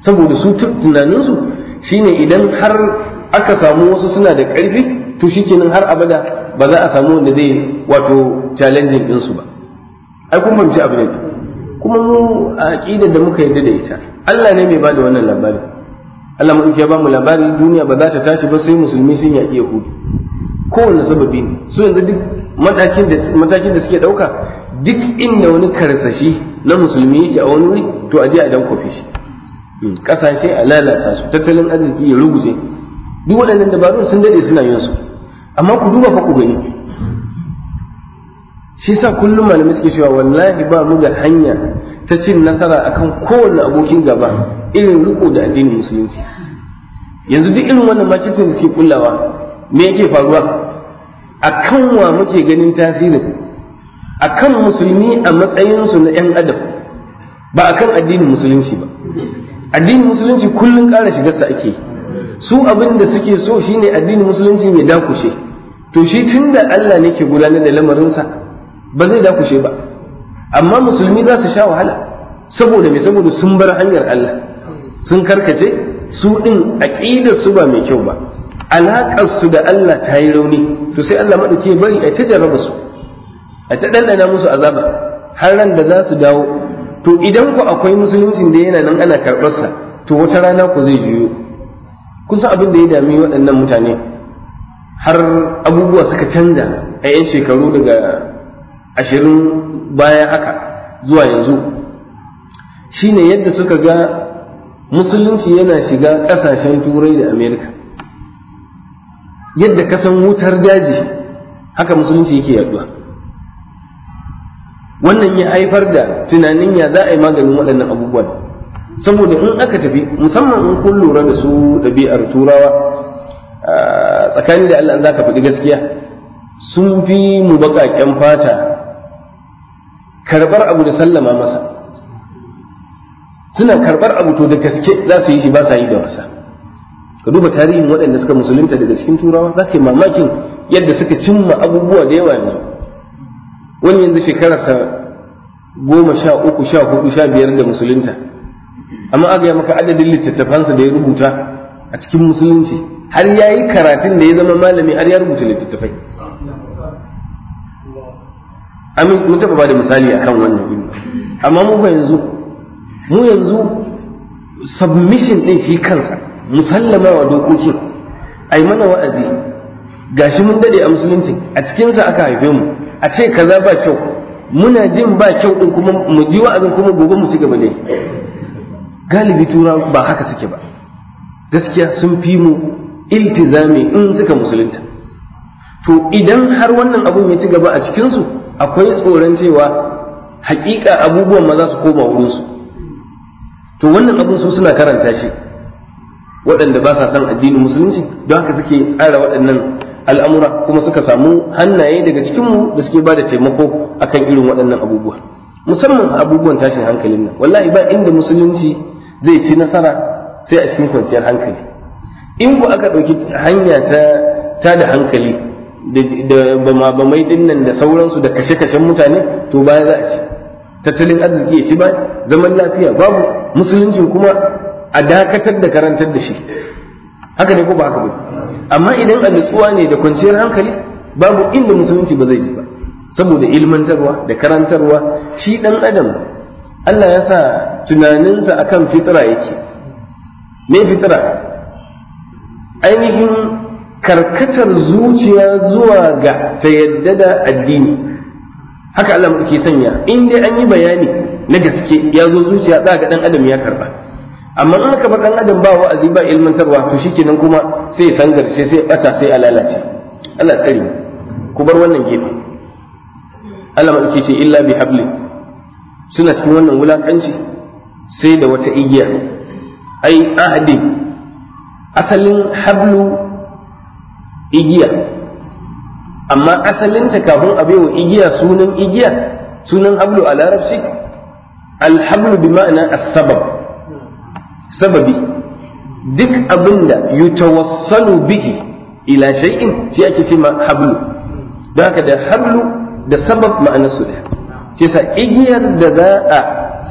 saboda su tunaninsu shine idan har aka samu wasu suna da ƙarfi to shikenan har abada ba za a samu wanda zai wato challenging ɗinsu ba ai kun fahimci abu ne kuma mu a aƙidar da muka yarda da ita Allah ne mai ba da wannan labari Allah mu ya ba mu labari duniya ba za ta tashi ba sai musulmi sun yaƙi Ko kowanne sababi ne su yanzu duk matakin da matakin da suke ɗauka duk inda wani karsashi na musulmi ya wani wuri to a je a dan kofe shi kasashe hmm, a lalata su tattalin arziki ya rubuce duk waɗannan dabarun sun daɗe suna yin su amma ku duba fa ku gani shi sa kullum malamai suke cewa wallahi ba mu da hanya ta cin nasara akan kowane abokin gaba irin riko da addinin musulunci yanzu duk irin wannan makircin da suke kullawa me yake faruwa akan wa muke ganin tasirin akan musulmi a matsayinsu na 'yan adam ba akan addinin musulunci ba addinin musulunci kullum ƙara shigarsa ake yi su abin da suke so shine addinin musulunci mai dakushe to shi da Allah ne ke gudanar da lamarinsa ba zai dakushe ba amma musulmi za su sha wahala saboda me saboda sun bar hanyar Allah sun karkace su din aqidar su ba mai kyau ba alaƙar su da Allah ta yi rauni to sai Allah madauke bari a ta jarraba su a ta dandana musu azaba har ran da za su dawo to idan ku akwai musulunci da yana nan ana karɓarsa to wata rana ku zai juyo kusa abin da ya dami waɗannan mutane har abubuwa suka canza a 'yan shekaru daga ashirin baya haka zuwa yanzu shine yadda suka ga musulunci yana shiga ƙasashen turai da amerika yadda kasan wutar daji haka musulunci yake yaduwa wannan ya haifar da tunanin ya za a yi maganin waɗannan abubuwan saboda in aka tafi musamman in kun lura da su ɗabi'ar turawa tsakanin da Allah za ka faɗi gaskiya sun fi mu baƙaƙen fata karɓar abu da sallama masa suna karɓar abu to da gaske za su yi shi ba sa yi da wasa ka duba tarihin waɗanda suka musulunta daga cikin turawa za ka yi mamakin yadda suka cimma abubuwa da yawa ne wani yanzu shekararsa goma sha uku sha hudu sha biyar da musulunta amma aka yi maka adadin littattafansa da ya rubuta a cikin musulunci har ya yi karatun da ya zama malami har ya rubuta littattafai amin mun taɓa ba da misali akan wannan gudu amma mu ba yanzu mu yanzu submission ɗin shi kansa musallama wa dokokin ai mana wa'azi gashi mun dade a musulunci a cikinsa aka haife mu a ce kaza ba kyau muna jin ba kyau ɗin kuma mu ji wa'azin kuma gobe mu ci gaba dai galibi tura ba haka suke ba gaskiya sun fi mu iltizami in suka musulunta to idan har wannan abun ya ci gaba a cikinsu akwai tsoron cewa hakika abubuwan ma za su koma wurinsu to wannan abun su suna karanta shi waɗanda ba sa son addinin musulunci don haka suke tsara waɗannan al'amura kuma suka samu hannaye daga cikinmu da suke ba da taimako akan irin waɗannan abubuwa musamman abubuwan tashin hankalin nan wallahi ba inda musulunci zai ci nasara sai a cikin kwanciyar hankali in ku aka ɗauki hanya ta ta da hankali da mai dinnan da sauransu da kashe-kashen mutane to baya za a ci tattalin arziki ya ci ba zaman lafiya babu musuluncin kuma a dakatar da karantar da shi haka ne ko ba haka ba amma idan a nutsuwa ne da kwanciyar hankali babu inda musulunci ba zai ci ba saboda ilmantarwa da karantarwa shi dan adam Allah ya sa tunaninsa akan fitira yake me fitira ainihin karkatar zuciya zuwa ga ta yadda da addini haka Allah ke sanya in dai an yi bayani na gaske ya zo zuciya za ga ɗan adam ya karba amma in aka ɗan adam ba wa'azi ba ilmantarwa to shikenan kuma sai ya sangarce sai ya sai ya lalace Allah tsari ku bar wannan gefe Allah ke ce illa bi hablin suna cikin wannan wulakanci sai da wata igiya ai ahdi asalin hablu igiya amma asalinta kafin a wa igiya sunan igiya sunan hablu a larabci alhablu bi ma'ana as-sabab sababi duk abinda yutawassalu bihi ila shay'in shi ake ce ma hablu da haka da hablu da sabab ma'ana su kisa igiyar da za a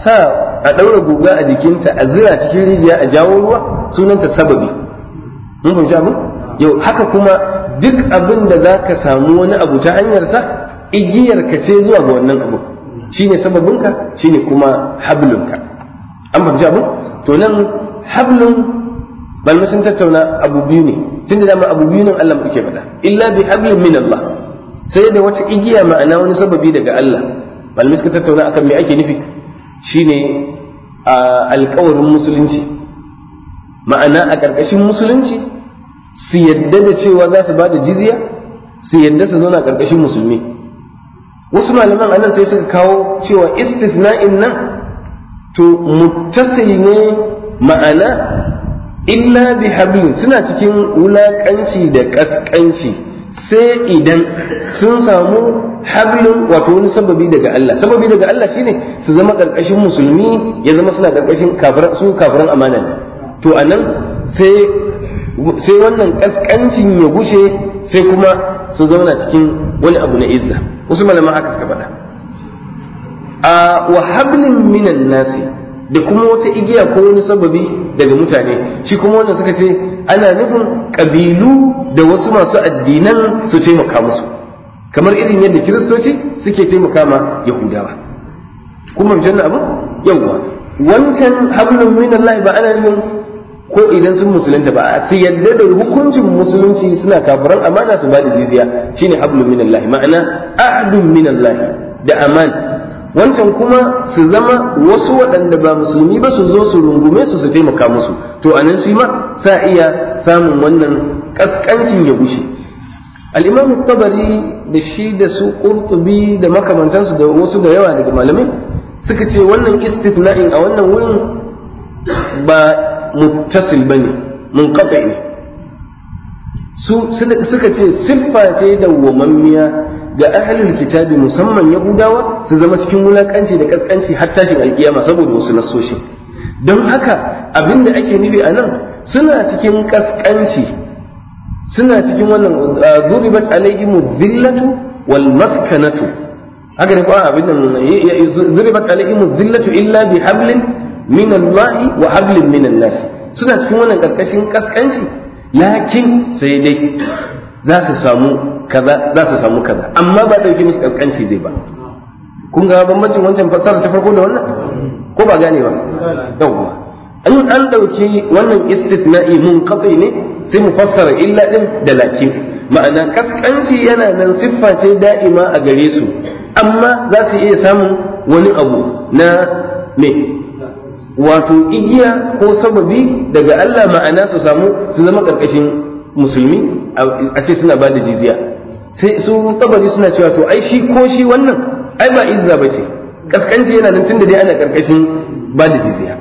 sa a ɗaura guga a jikinta a zira cikin rijiya a jawo ruwa sunanta sababi mun fahimci mu yau haka kuma duk abin da za ka samu wani abu ta hanyarsa igiyar ka ce zuwa ga wannan abu shine sababinka shine kuma hablunka an fahimci mu to nan hablun bal sun tattauna abu biyu ne tun da dama abu biyu ne Allah muke faɗa illa bi hablin min Allah sai da wata igiya ma'ana wani sababi daga Allah malamai suka tattauna akan me ake nufi shine alkawarin musulunci ma'ana a ƙarƙashin musulunci su yadda da cewa za su ba da jizya su yadda su zauna a ƙarƙashin musulmi wasu malaman anan sai suka kawo cewa istisna'in nan to mutasai ne ma'ana illa bi hablin suna cikin wulaƙanci da ƙasƙanci sai idan sun samu hablun wato wani sababi daga Allah sababi daga Allah shine su zama karkashin musulmi ya zama suna karkashin kafiran su kafiran amana ne to a nan, sai wannan ƙasƙancin ya gushe sai kuma su zauna cikin wani abu na izza wasu malaman haka suka faɗa a wa hablin minan nasi da kuma wata igiya ko wani sababi daga mutane shi kuma wannan suka ce ana nufin kabilu da wasu masu addinan su taimaka musu kamar irin yadda kiristoci suke taimaka ma yahudawa kuma janna abu yawwa wancan hablum minallahi ba ana nufin ko idan sun musulunta ba su yadda da hukuncin musulunci suna kafiran amana su ba da jizya shine hablum minallahi ma'ana ahdun minallahi da amana wancan kuma su zama wasu waɗanda ba musulmi ba su zo su rungume su su taimaka musu to a nan shi ma sa iya samun wannan ƙasƙancin ya gushe al tabari da shi da su ƙurtubi da makamantansu da wasu da yawa daga malamai suka ce wannan istithna'in a wannan wurin ba muttasil mun munqati ne suka ce siffa ce da wamammiya ga ahalin kitabi musamman yahudawa su zama cikin wulakanci da kaskanci har tashin alkiyama saboda wasu nasoshi don haka abinda ake nufi a nan suna cikin kaskanci suna cikin wannan duribat uh, alaihimu dhillatu wal maskanatu haka ne kuma abin nan duribat alaihimu dhillatu illa bi hablin min Allah wa hablin min nas suna cikin wannan karkashin kaskanci lakin sai dai za su samu kaza za su samu kaza amma ba dauki musu kaskanci zai ba kun ga bambancin wancan fasara ta farko da wannan ko ba gane ba yawwa an an dauki wannan istithna'i munqati ne sai mu fassara illa din da lakin ma'ana kaskanci yana nan siffa ce da'ima a gare su amma za su iya samun wani abu na me wato igiya ko sababi daga Allah ma'ana su samu su zama karkashin musulmi a ce suna ba da jizya sai su tabari suna cewa to ai shi ko shi wannan ai ba izza ba ce kaskanci yana nan tunda dai ana karkashin ba da jizya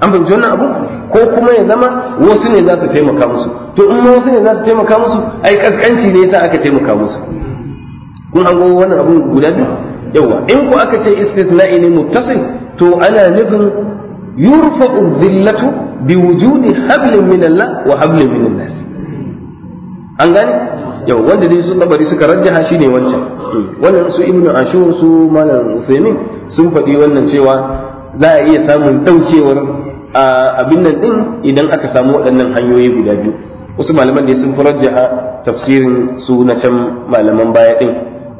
an fahimci wannan abu ko kuma ya zama wasu ne za su taimaka musu to in wasu ne za su taimaka musu ai kaskanci ne yasa aka taimaka musu kun an gogo wannan abu guda biyu yawa in ku aka ce istisna'i ne muttasil to ana nufin yurfa'u dhillatu biwujudi hablin min wa hablin minannas an gane yau wanda dai sun bari suka rajjaha ne wancan wannan su ibnu ashur su malam usaimin sun faɗi wannan cewa za a iya samun ɗaukewar abin nan ɗin idan aka samu waɗannan hanyoyi guda biyu wasu malaman ne sun farajjaha tafsirin su na can malaman baya ɗin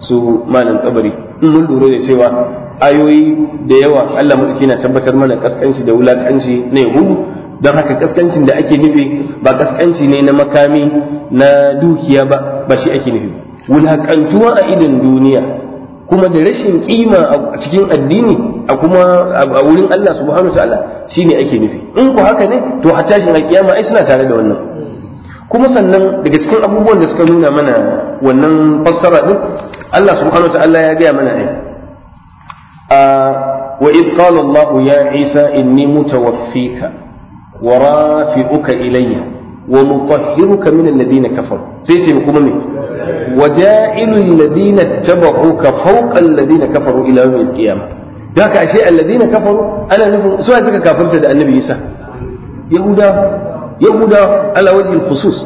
su malam tabari in mun lura da cewa ayoyi da yawa Allah mulki na tabbatar mana kaskanci da wulakanci na yahudu don haka kaskancin da ake nufi ba kaskanci ne na makami na dukiya ba ba shi ake nufi wulakantuwa a idan duniya kuma da rashin kima a cikin addini a kuma a wurin Allah subhanahu wa ta'ala shine ake nufi in ku haka ne to hatta shin alkiyama ai suna tare da wannan kuma sannan daga cikin abubuwan da suka nuna mana wannan fassara din Allah subhanahu wa ta'ala ya gaya mana ai وإذ قال الله يا عيسى إني متوفيك wa rafi'uka ilayya wa mutahhiruka min alladhina kafaru sai ce kuma me wa ja'ilu alladhina tabauka fawqa alladhina kafaru ila yawm alqiyamah da ka ashe alladhina kafaru ana nufin su suka kafirta da annabi Isa yahuda yahuda ala wajhi alkhusus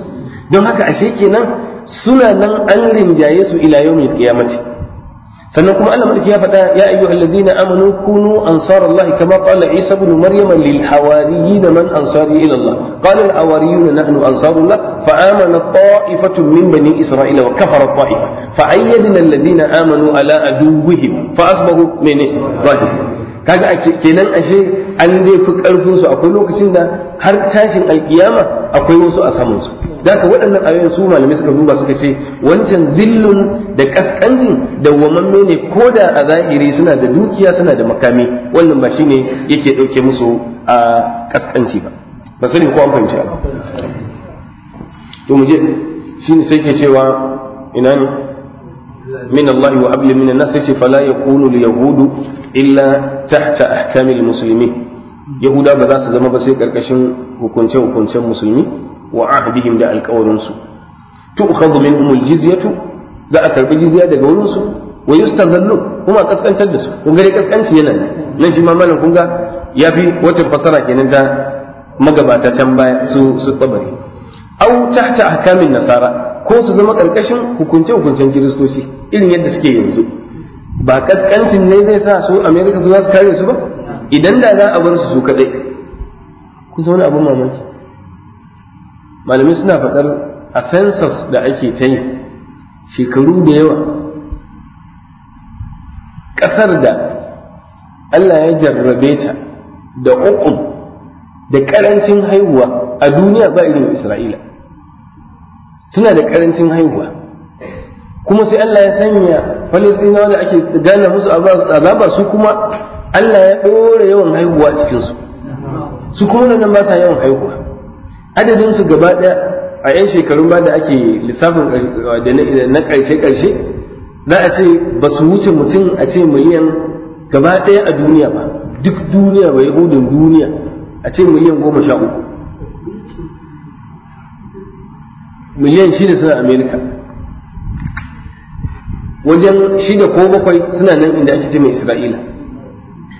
don haka ashe kenan suna nan an rinjayesu su ila sannan kuma Allah madaki ya faɗa ya ayyuha alladhina amanu kunu ansarallahi kama qala Isa ibn maryama lil hawariyyin man ansari ila Allah qala al hawariyun nahnu ansarullah fa amana ta'ifatun min bani isra'ila wa kafara ta'ifa fa ayyadna alladhina amanu ala aduwwihim fa asbahu min zahir kaga kenan ashe an dai fi karfin su akwai lokacin da har tashin alkiyama akwai wasu a saman su da ka waɗannan ayoyin su malamai suka duba suka ce wancan zillun da kaskancin da wamamme ne ko da a zahiri suna da dukiya suna da makami wannan ba shine yake ɗauke musu a kaskanci ba ba sani ko an fahimci ba to mu je ne sai ke cewa ina ne من الله وأبل من Yahudu illa يكون اليهود إلا Yahuda ba za su zama ba sai يكركشن hukunce hukuncen musulmi wa ahdihim da alƙawarinsu tu'khadhu minhum aljizyatu za a karbi jizya daga wurin su wa yustazallu kuma kaskantar da su kun gare kaskanci yana nan shi ma malam kun ga ya fi wata fasara kenan ta magabata can baya su su tsabari au tahta ahkamin nasara ko su zama karkashin hukunce hukuncen kiristoci irin yadda suke yanzu ba kaskancin ne zai sa su amerika su za su kare su ba idan da za a bar su su kadai kun san wani abin mamaki malamai suna faɗar a census da ake ta yi shekaru da yawa ƙasar da Allah ya jarrabe ta da uku da ƙarancin haihuwa a duniya ba irin Isra'ila suna da ƙarancin haihuwa kuma sai Allah ya sanya falisina da ake gane musu azaba su kuma Allah ya ɗora yawan haihuwa cikinsu su kuma nan ba sa yawan haihuwa adadin su gaba ɗaya a yan shekarun ba da ake lissafin na karshe karshe za a ce ba su wuce mutum a ce miliyan gaba daya a duniya ba duk duniya ba yahudin duniya a ce miliyan goma sha uku miliyan shida suna amerika wajen shida ko bakwai suna nan inda ake ce mai isra'ila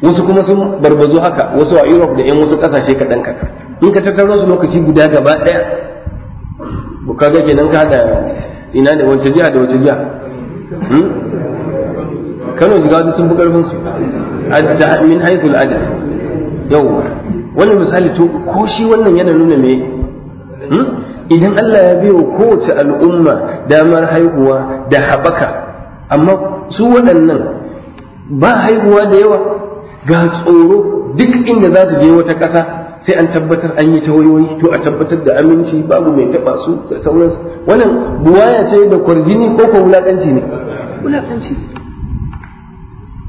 wasu kuma sun barbazo haka wasu a europe da yan wasu kasashe kaɗan kaɗan in ka tattaro su lokaci guda gaba ɗaya ka ga kenan ka da ina da wace jiya hmm? da wace jiya? kano shiga wasu sun fi ƙarfin su min haithul adad yau wannan misali to ko shi wannan yana nuna me hmm? idan Allah ya biyo kowace al'umma damar haihuwa da haɓaka amma su waɗannan ba haihuwa da yawa ga tsoro duk inda za su je wata ƙasa sai an tabbatar an yi tawayoyi to a tabbatar da aminci babu mai taba su da sauransu wannan buwaya ce da kwarjini ko ko wulakanci ne wulakanci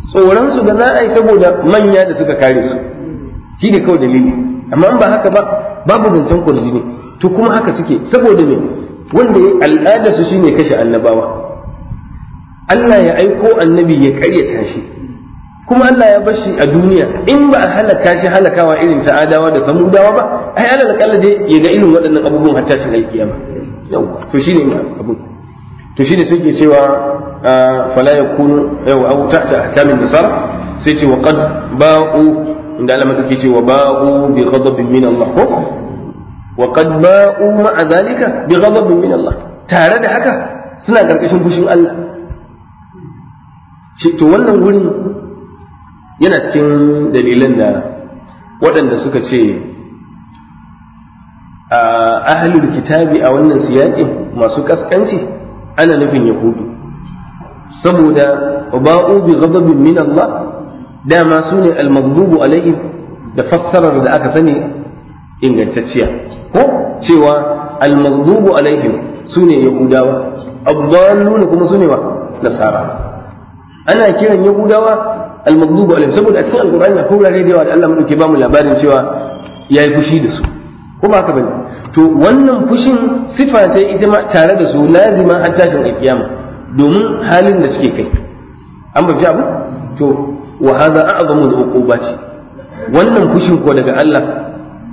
tsoron su da za a yi saboda manya da suka kare su shi ne kawai dalili amma ba haka ba babu zancen kwarjini to kuma haka suke saboda me wanda ya al'adarsu su shine kashe annabawa Allah ya aiko annabi ya karyata shi kuma Allah ya bashi a duniya in ba a halaka shi halakawa irin ta adawa da samudawa ba ai Allah kalla dai ya ga irin waɗannan abubuwan hatta shi alkiyama yawa to shine abu to shine suke cewa ah, fala yakunu yawa abu tahta ahkamin nasara sai ce wa qad ba'u inda Allah madauki ce wa ba'u bi ghadabin min Allah ko wa qad ba'u ma'a zalika bi ghadabin min Allah tare da haka suna karkashin fushin Allah to wannan gurin yana cikin dalilan da waɗanda suka ce a ahalul kitabi a wannan siyaƙin masu ƙasƙanci ana nufin yahudu saboda ba'u bi ghadabin min Allah dama su ne almaghdubu alaihim da fassarar da aka sani ingantacciya ko cewa almaghdubu alaihim su ne yahudawa abdalluna kuma su ne wa nasara ana kiran yahudawa al-maghdubu alaihim saboda cikin alqur'ani akwai wurare da yawa da Allah madauke labarin cewa yayi fushi da su ko ba haka bane to wannan fushin sifa ce ita ma tare da su lazima har tashin kiyama domin halin da suke kai an bafi abu to wa hadha a'zamu al-uqubat wannan fushin ko daga Allah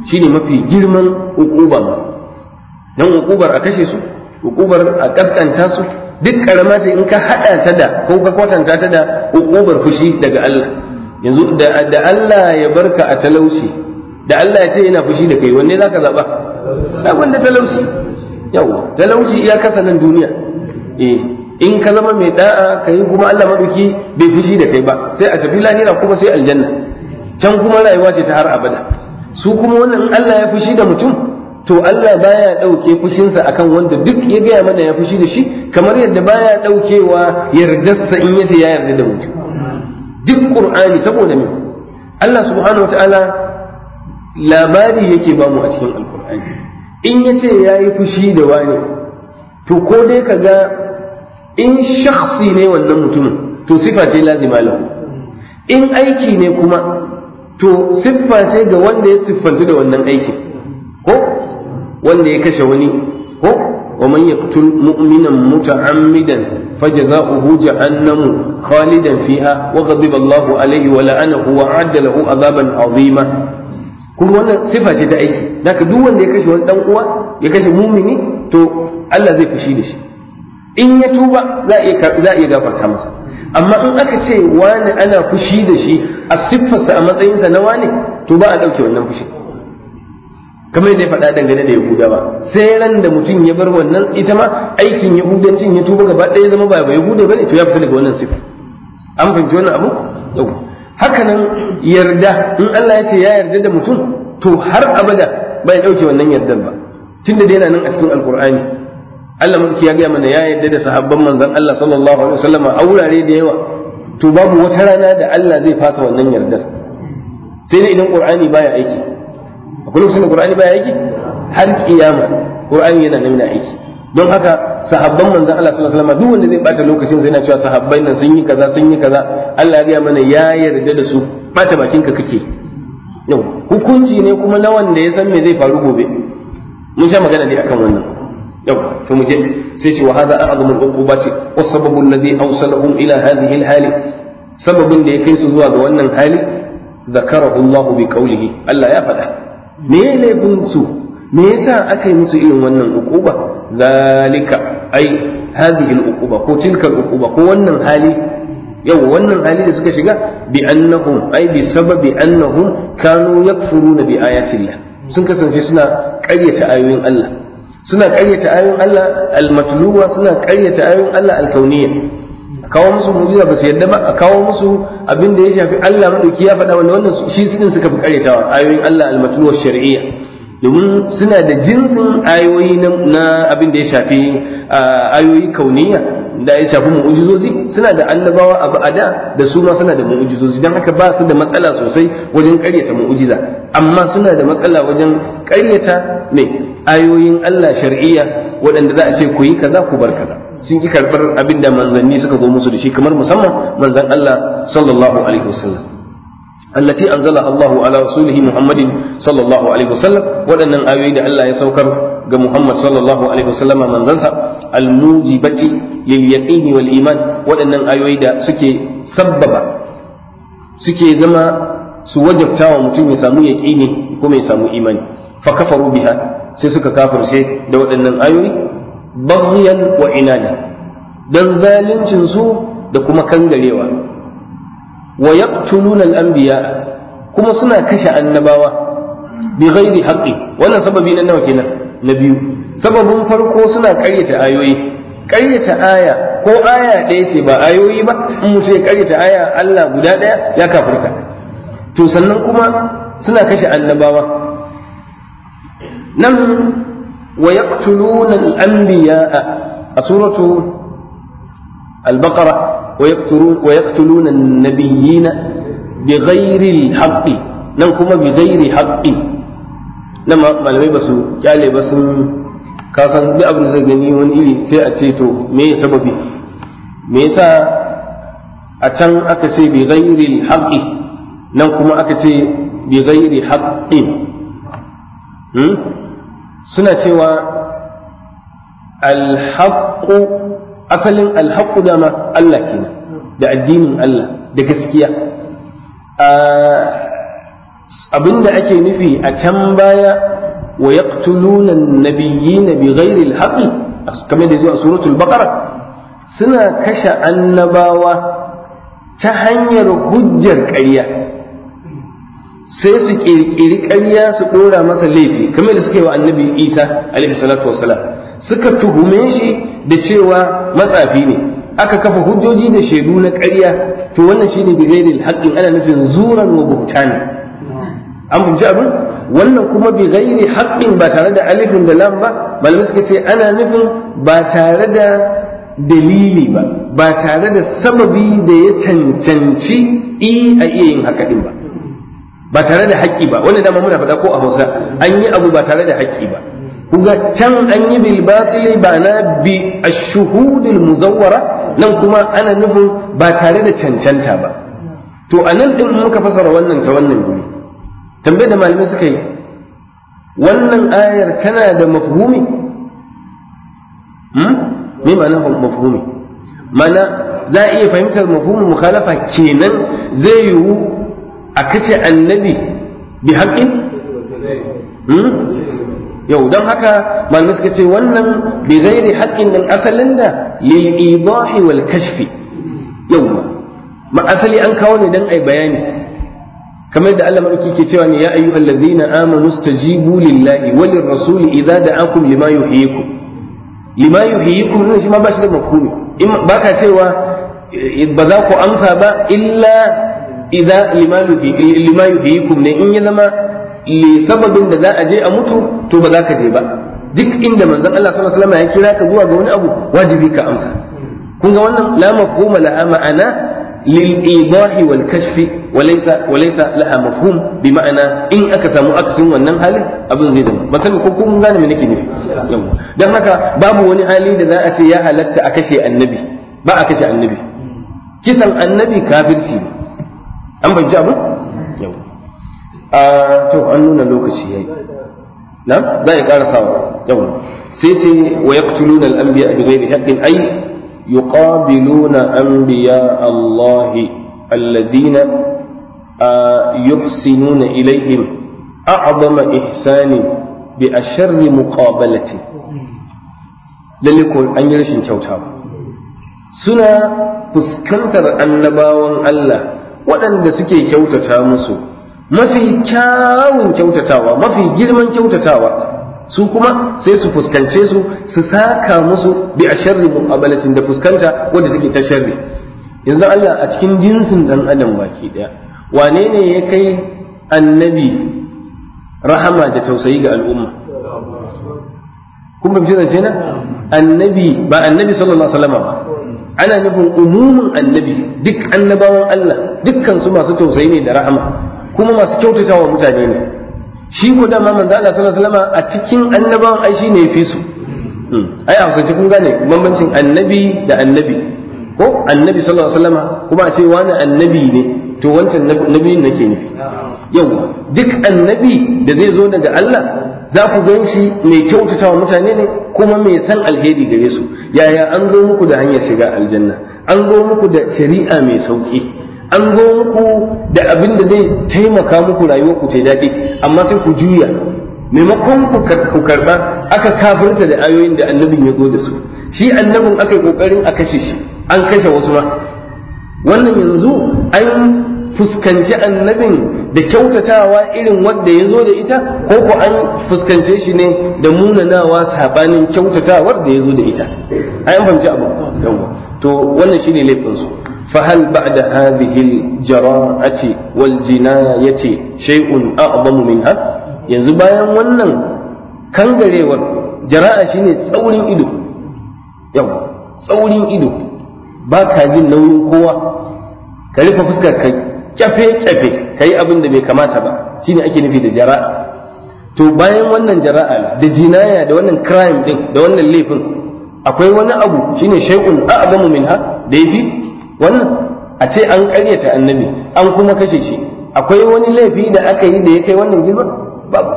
shine mafi girman uquba ma dan uqubar a kashe su uqubar a kaskanta su duk karama ce in ka hada ta da ko ka kwatanta ta da ukubar fushi daga Allah yanzu da Allah ya barka a talauci da Allah ya ce ina fushi da kai wanne zaka zaba na wanda talauci yawa talauci iya kasa nan duniya eh in ka zama mai da'a kai kuma Allah madauki bai fushi da kai ba sai a tafi lahira kuma sai aljanna can kuma rayuwa ce ta har abada su kuma wannan Allah ya fushi da mutum to Allah baya ɗauke fushinsa akan wanda duk ya gaya mana ya fushi da shi kamar yadda baya ɗaukewa yardarsa in yace ya yarda da mutum duk qur'ani saboda me Allah subhanahu wataala labari yake ba mu a cikin alqur'ani in yace yayi fushi da wani to ko dai kaga in shakhsi ne wannan mutumin to sifa ce lazima lahu in aiki ne kuma to siffa ce ga wanda ya siffanci da wannan aiki, ko wanda ya kashe wani ko wa man yaqtul mu'minan muta'ammidan fajza'uhu jahannamu khalidan fiha wa ghadiba Allahu alayhi wa la'anahu wa 'adda lahu 'adaban 'azima kuma wannan sifa ce ta aiki daga duk wanda ya kashe wani dan uwa ya kashe mumini to Allah zai fushi da shi in ya tuba za a iya gafarta masa amma in aka ce wani ana fushi da shi a siffarsa a matsayinsa na wani to ba a ɗauke wannan fushi kamar yadda ya faɗa dangane da ba sai ran da mutum ya bar wannan ita ma aikin yahudancin ya tuba gaba ɗaya zama ba yahuda bane to ya fita daga wannan sifa an fahimci wannan abu hakanan yarda in Allah ya ce ya yarda da mutum to har abada bai ɗauke wannan yardar ba tunda da yana nan a cikin alkur'ani Allah mulki ya gaya mana ya yarda da sahabban manzon Allah sallallahu alaihi wasallam a wurare da yawa to babu wata rana da Allah zai fasa wannan yardar sai dai idan qur'ani baya aiki kuma sun Qur'ani baya aiki har kiyama Qur'ani yana nan yana aiki don haka sahabban manzon Allah sallallahu alaihi wasallam duk wanda zai bata lokacin sai yana cewa sahabbai nan sun yi kaza sun yi kaza Allah ya mana ya yarda da su bata bakinka kake yau hukunci ne kuma na wanda ya san me zai faru gobe mun sha magana ne akan wannan yau to mu je sai ce wa hadha a'zamu al-uqubati wa sababu alladhi awsalahum ila hadhihi al-hali sababin da ya kai su zuwa ga wannan hali ذكره الله بقوله Allah ya faɗa. me ya laifin su me yasa aka yi musu irin wannan ukuba zalika ai hadhihi al-uquba ko tilka al-uquba ko wannan hali yau wannan hali da suka shiga bi annahum ai bi sababi annahum kanu yakfuruna bi ayatillah sun kasance suna ƙaryata ayoyin Allah suna ƙaryata ayoyin Allah al suna ƙaryata ayoyin Allah al kawo musu mu'jiza ba su yadda ba a kawo musu abin da ya shafi Allah madauki ya faɗa wanda wannan shi sinin suka fi karyatawa ayoyin Allah almatnu shar'iyya domin suna da jinsin ayoyi na abin da ya shafi ayoyi kauniya da ya shafi mu'ujizozi suna da annabawa a da da su ma suna da mu'ujizozi don haka ba su da matsala sosai wajen karyata mu'ujiza amma suna da matsala wajen karyata mai ayoyin Allah shar'iyya waɗanda za a ce ku yi kaza ku bar kaza sun ki karɓar abin da manzanni suka zo musu da shi kamar musamman manzan Allah sallallahu alaihi wasallam allati anzala Allahu ala rasulihi Muhammadin sallallahu alaihi wasallam waɗannan ayoyi da Allah ya saukar ga Muhammad sallallahu alaihi wasallam manzansa almujibati lil yaqini wal iman waɗannan ayoyi da suke sabbaba suke zama su wajabtawa mutum ya samu yaqini kuma ya samu imani fa kafaru biha sai suka kafirce da waɗannan ayoyi bagyan wa inada dan zaluncin su da kuma kangarewa wa yaqtuluna al-anbiya kuma suna kashe annabawa bi ghairi haqqi wannan sababi na nawa kenan na biyu sababin farko suna karyata ayoyi karyata aya ko aya ɗaya ce ba ayoyi ba in mutum ya karyata aya Allah guda ɗaya ya kafirka to sannan kuma suna kashe annabawa nan ويقتلون الأنبياء سورة البقرة ويقتلون, النبيين بغير الحق نكم نعم، بغير حق نما ما لم يبسوا جالي بسوا كاسن دي أبن سجنيون إلي سيأتيتو مي سببي مي سا أتن أكسي بغير الحق نكم نعم، أكسي بغير حق 嗯。Hmm? suna cewa alhaqqu asalin alhaqqu dama Allah kenan da addinin Allah da gaskiya abinda ake nufi a can baya wa yaqtuluna an-nabiyyina bi al-haqqi kamar da zuwa suratul baqara suna kashe annabawa ta hanyar hujjar ƙarya sai su kirkiri ƙarya su ɗora masa laifi kamar da suke wa annabi isa alaihi salatu wasalam suka tuhume shi da cewa matsafi ne aka kafa hujjoji da shaidu na ƙarya to wannan shine bi ghairil haqqin ana nufin zuran wa buhtani an abin wannan kuma bi ghairi haqqin ba tare da alifin da lam ba malamai suka ce ana nufin ba tare da dalili ba ba tare da sababi da ya cancanci i a iya yin haka din ba ba tare da haƙƙi ba wani dama muna faɗa ko a Hausa an yi abu ba tare da haƙƙi ba kuga can an yi bil batili ba na bi ashuhudil muzawwara nan kuma ana nufin ba tare da cancanta ba to a nan din muka fasara wannan ta wannan guri tambayar da malamai suka yi wannan ayar tana da mafhumi hmm? me ma'ana mafhumi mana za a iya fahimtar mafhumin mukhalafa kenan zai yiwu a kashe annabi bi haƙƙin hmm? yau don haka malamai suka ce wannan bi gairi haƙƙin nan asalin da lil idahi wal kashfi yau ma asali an kawo ne dan ai bayani kamar yadda Allah madauki ke cewa ne ya ayyuhal ladzina amanu stajibu lillahi walir rasuli idza da'akum lima yuhyikum lima yuhyikum ne shi ma ba shi da mafhumi in baka cewa eh, ba za ku amsa ba illa idza lima yuhyikum ne in ya zama li sababin da za a je a mutu to ba za ka je ba duk inda manzon Allah sallallahu alaihi wasallam ya kira ka zuwa ga wani abu wajibi ka amsa kun ga wannan la mafhuma la ma'ana lil idahi wal kashfi walaysa walaysa laha mafhum bi ma'ana in aka samu akasin wannan halin abin zai ba ko kun gane me nake nufi dan haka babu wani hali da za a ce ya halatta a kashe annabi ba a kashe annabi kisan annabi kafirci ne an ban ji abu yau a an nuna lokaci yayi za a ƙara sawa yau sai sai wa ya kutulu da a dubai da haƙin ai yi ƙabilu na ambiya allahi alladina a yi nuna ilayhim a abama ihsani bi a sharri muƙabalati lalle ko an yi rashin kyauta suna fuskantar annabawan allah waɗanda suke kyautata musu mafi kyawun kyautatawa mafi girman kyautatawa su kuma sai su fuskance su su saka musu bi a sharri mu'amalatin da fuskanta wanda take ta sharri yanzu Allah a cikin jinsin dan adam baki daya wane ne ya kai annabi rahama da tausayi ga al'umma Kuma fahimci zance na annabi ba annabi sallallahu alaihi wasallam ba ana nufin umumin annabi duk annabawan Allah dukkan su masu tausayi ne da rahama kuma masu kyautata wa mutane ne shi ko dama da Allah sallallahu alaihi wasallam a cikin annabawan ai shine yafi su hmm. ai a sai kun gane bambancin annabi da annabi ko annabi sallallahu alaihi wasallam kuma a ce wani annabi ne to wancan ne nake nufi yau duk annabi da zai zo daga Allah za ku gan shi mai kyautata wa mutane ne kuma mai san alheri gare su yaya an zo muku da hanyar shiga aljanna an zo muku da shari'a mai sauki an zo muku da abin da zai taimaka muku rayuwar ku ce daɗi amma sai ku juya maimakon ku karɓa aka kafirta da ayoyin da annabin ya zo da su shi annabin aka yi ƙoƙarin a kashe shi an kashe wasu ma wannan yanzu an fuskanci annabin da kyautatawa irin wanda ya zo da ita ko ko an fuskance shi ne da munanawa sabanin kyautatawar da ya zo da ita an fahimci abu to wannan shine laifin su فهل بعد هذه الجراعة والجناية شيء أعظم منها yanzu bayan wannan kangarewar jara'a shine tsaurin ido yau tsaurin ido ba jin nauyin kowa ka rufe fuska ka kyafe kyafe ka yi abin bai kamata ba shine ake nufi da jara'a to bayan wannan jara'a da jinaya da wannan crime din da wannan laifin akwai wani abu shine shay'un a'zamu minha da yafi wannan a ce an karyata annabi an kuma kashe shi akwai wani laifi da aka yi da ya kai wannan girma babu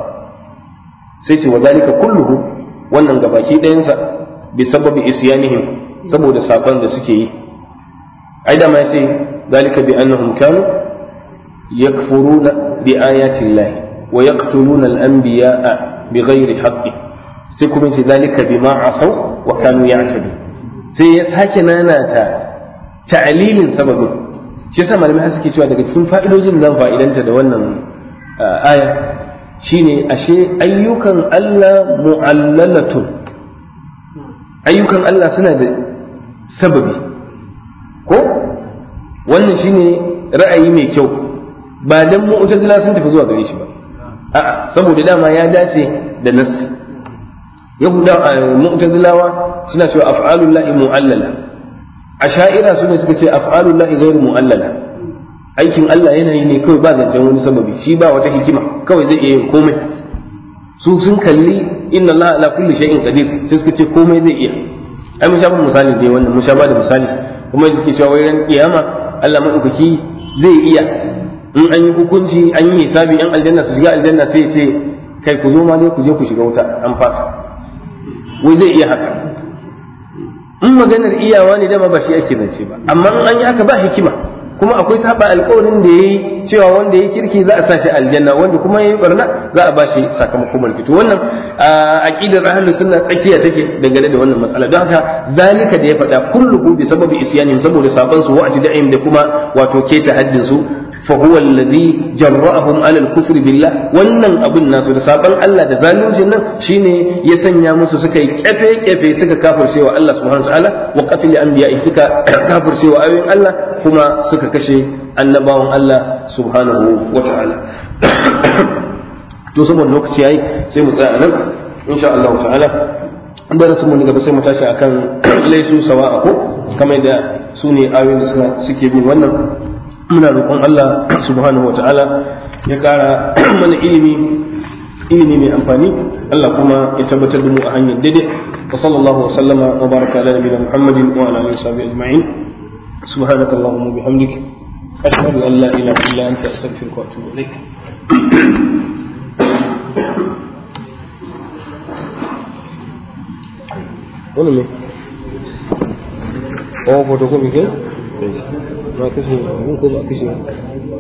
sai ce wa zalika kulluhu wannan gabaki ɗayansa bi sababi isyanihim saboda saban da suke yi ai da ma sai zalika bi annahum kanu yakfuruna bi ayati llahi wa yaqtuluna al-anbiya'a ghairi haqqi sai kuma sai zalika bima asaw wa kanu ya'tadu sai ya sake nanata ta'lilin sababin shi yasa malamai har suke cewa daga cikin fa'idojin zan fa'idanta da wannan uh, aya shine ashe ayyukan Allah mu'allalatun ayyukan Allah suna da sababi ko wannan shine ra'ayi mai kyau ba dan mu'tazila sun tafi zuwa gare shi ba a'a saboda dama ya dace da nassi yahuda uh, mu'tazilawa suna cewa af'alullahi mu'allala asha'ira su ne suka ce af'alullahi ghairu mu'allala aikin Allah yana yi ne kawai ba zancen wani sababi shi ba wata hikima kawai zai iya yin komai su sun kalli inna Allah ala kulli shay'in qadir sai suka ce komai zai iya ai mun sha ba misali dai wannan mun sha ba da misali kuma suke cewa wai ran kiyama Allah madaukaki zai iya in an yi hukunci an yi hisabi in aljanna su shiga aljanna sai ya ce kai ku zo ma dai ku je ku shiga wuta an fasa wai zai iya haka in maganar iyawa ne dama ba shi ake zance ba amma in an yi aka ba hikima kuma akwai saba alƙawarin da yayi cewa wanda yayi kirki za a sa shi aljanna wanda kuma yayi barna za a ba shi sakamakon mulki wannan aqidar ahlus sunna tsakiya take dangane da wannan matsala don haka zalika da ya faɗa kullu bi sababi isyanin saboda saban su wa'ti da'im da kuma wato keta haddin su fa huwa alladhi jarra'ahum ala al-kufri billah wannan abin nasu da saban Allah da zaluncin nan shine ya sanya musu suka yi kefe kefe suka kafirce wa Allah subhanahu wa ta'ala wa qatl anbiya'i suka *coughs* kafirce wa ayoyin Allah kuma suka kashe annabawan Allah subhanahu wa ta'ala *coughs* to saboda lokaci yayi sai mu tsaya nan insha Allah ta'ala darasin mun gaba sai mu tashi akan *coughs* laisu sawa'a ko kamar da su ne ayoyin suke bin wannan muna roƙon Allah subhanahu wata'ala ya ƙara *clears throat* mana ilimi ilimi mai amfani Allah kuma ya tabbatar da mu a hanyar daidai wa sallallahu wa sallama wa baraka ala nabiyina Muhammadin wa ala alihi wa sahbihi ajma'in subhanaka allahumma bihamdik ashhadu an la ilaha illa anta astaghfiruka wa atubu ilaik Bueno, me. Oh, por tu comité. beratus ribu, mungkin kerja.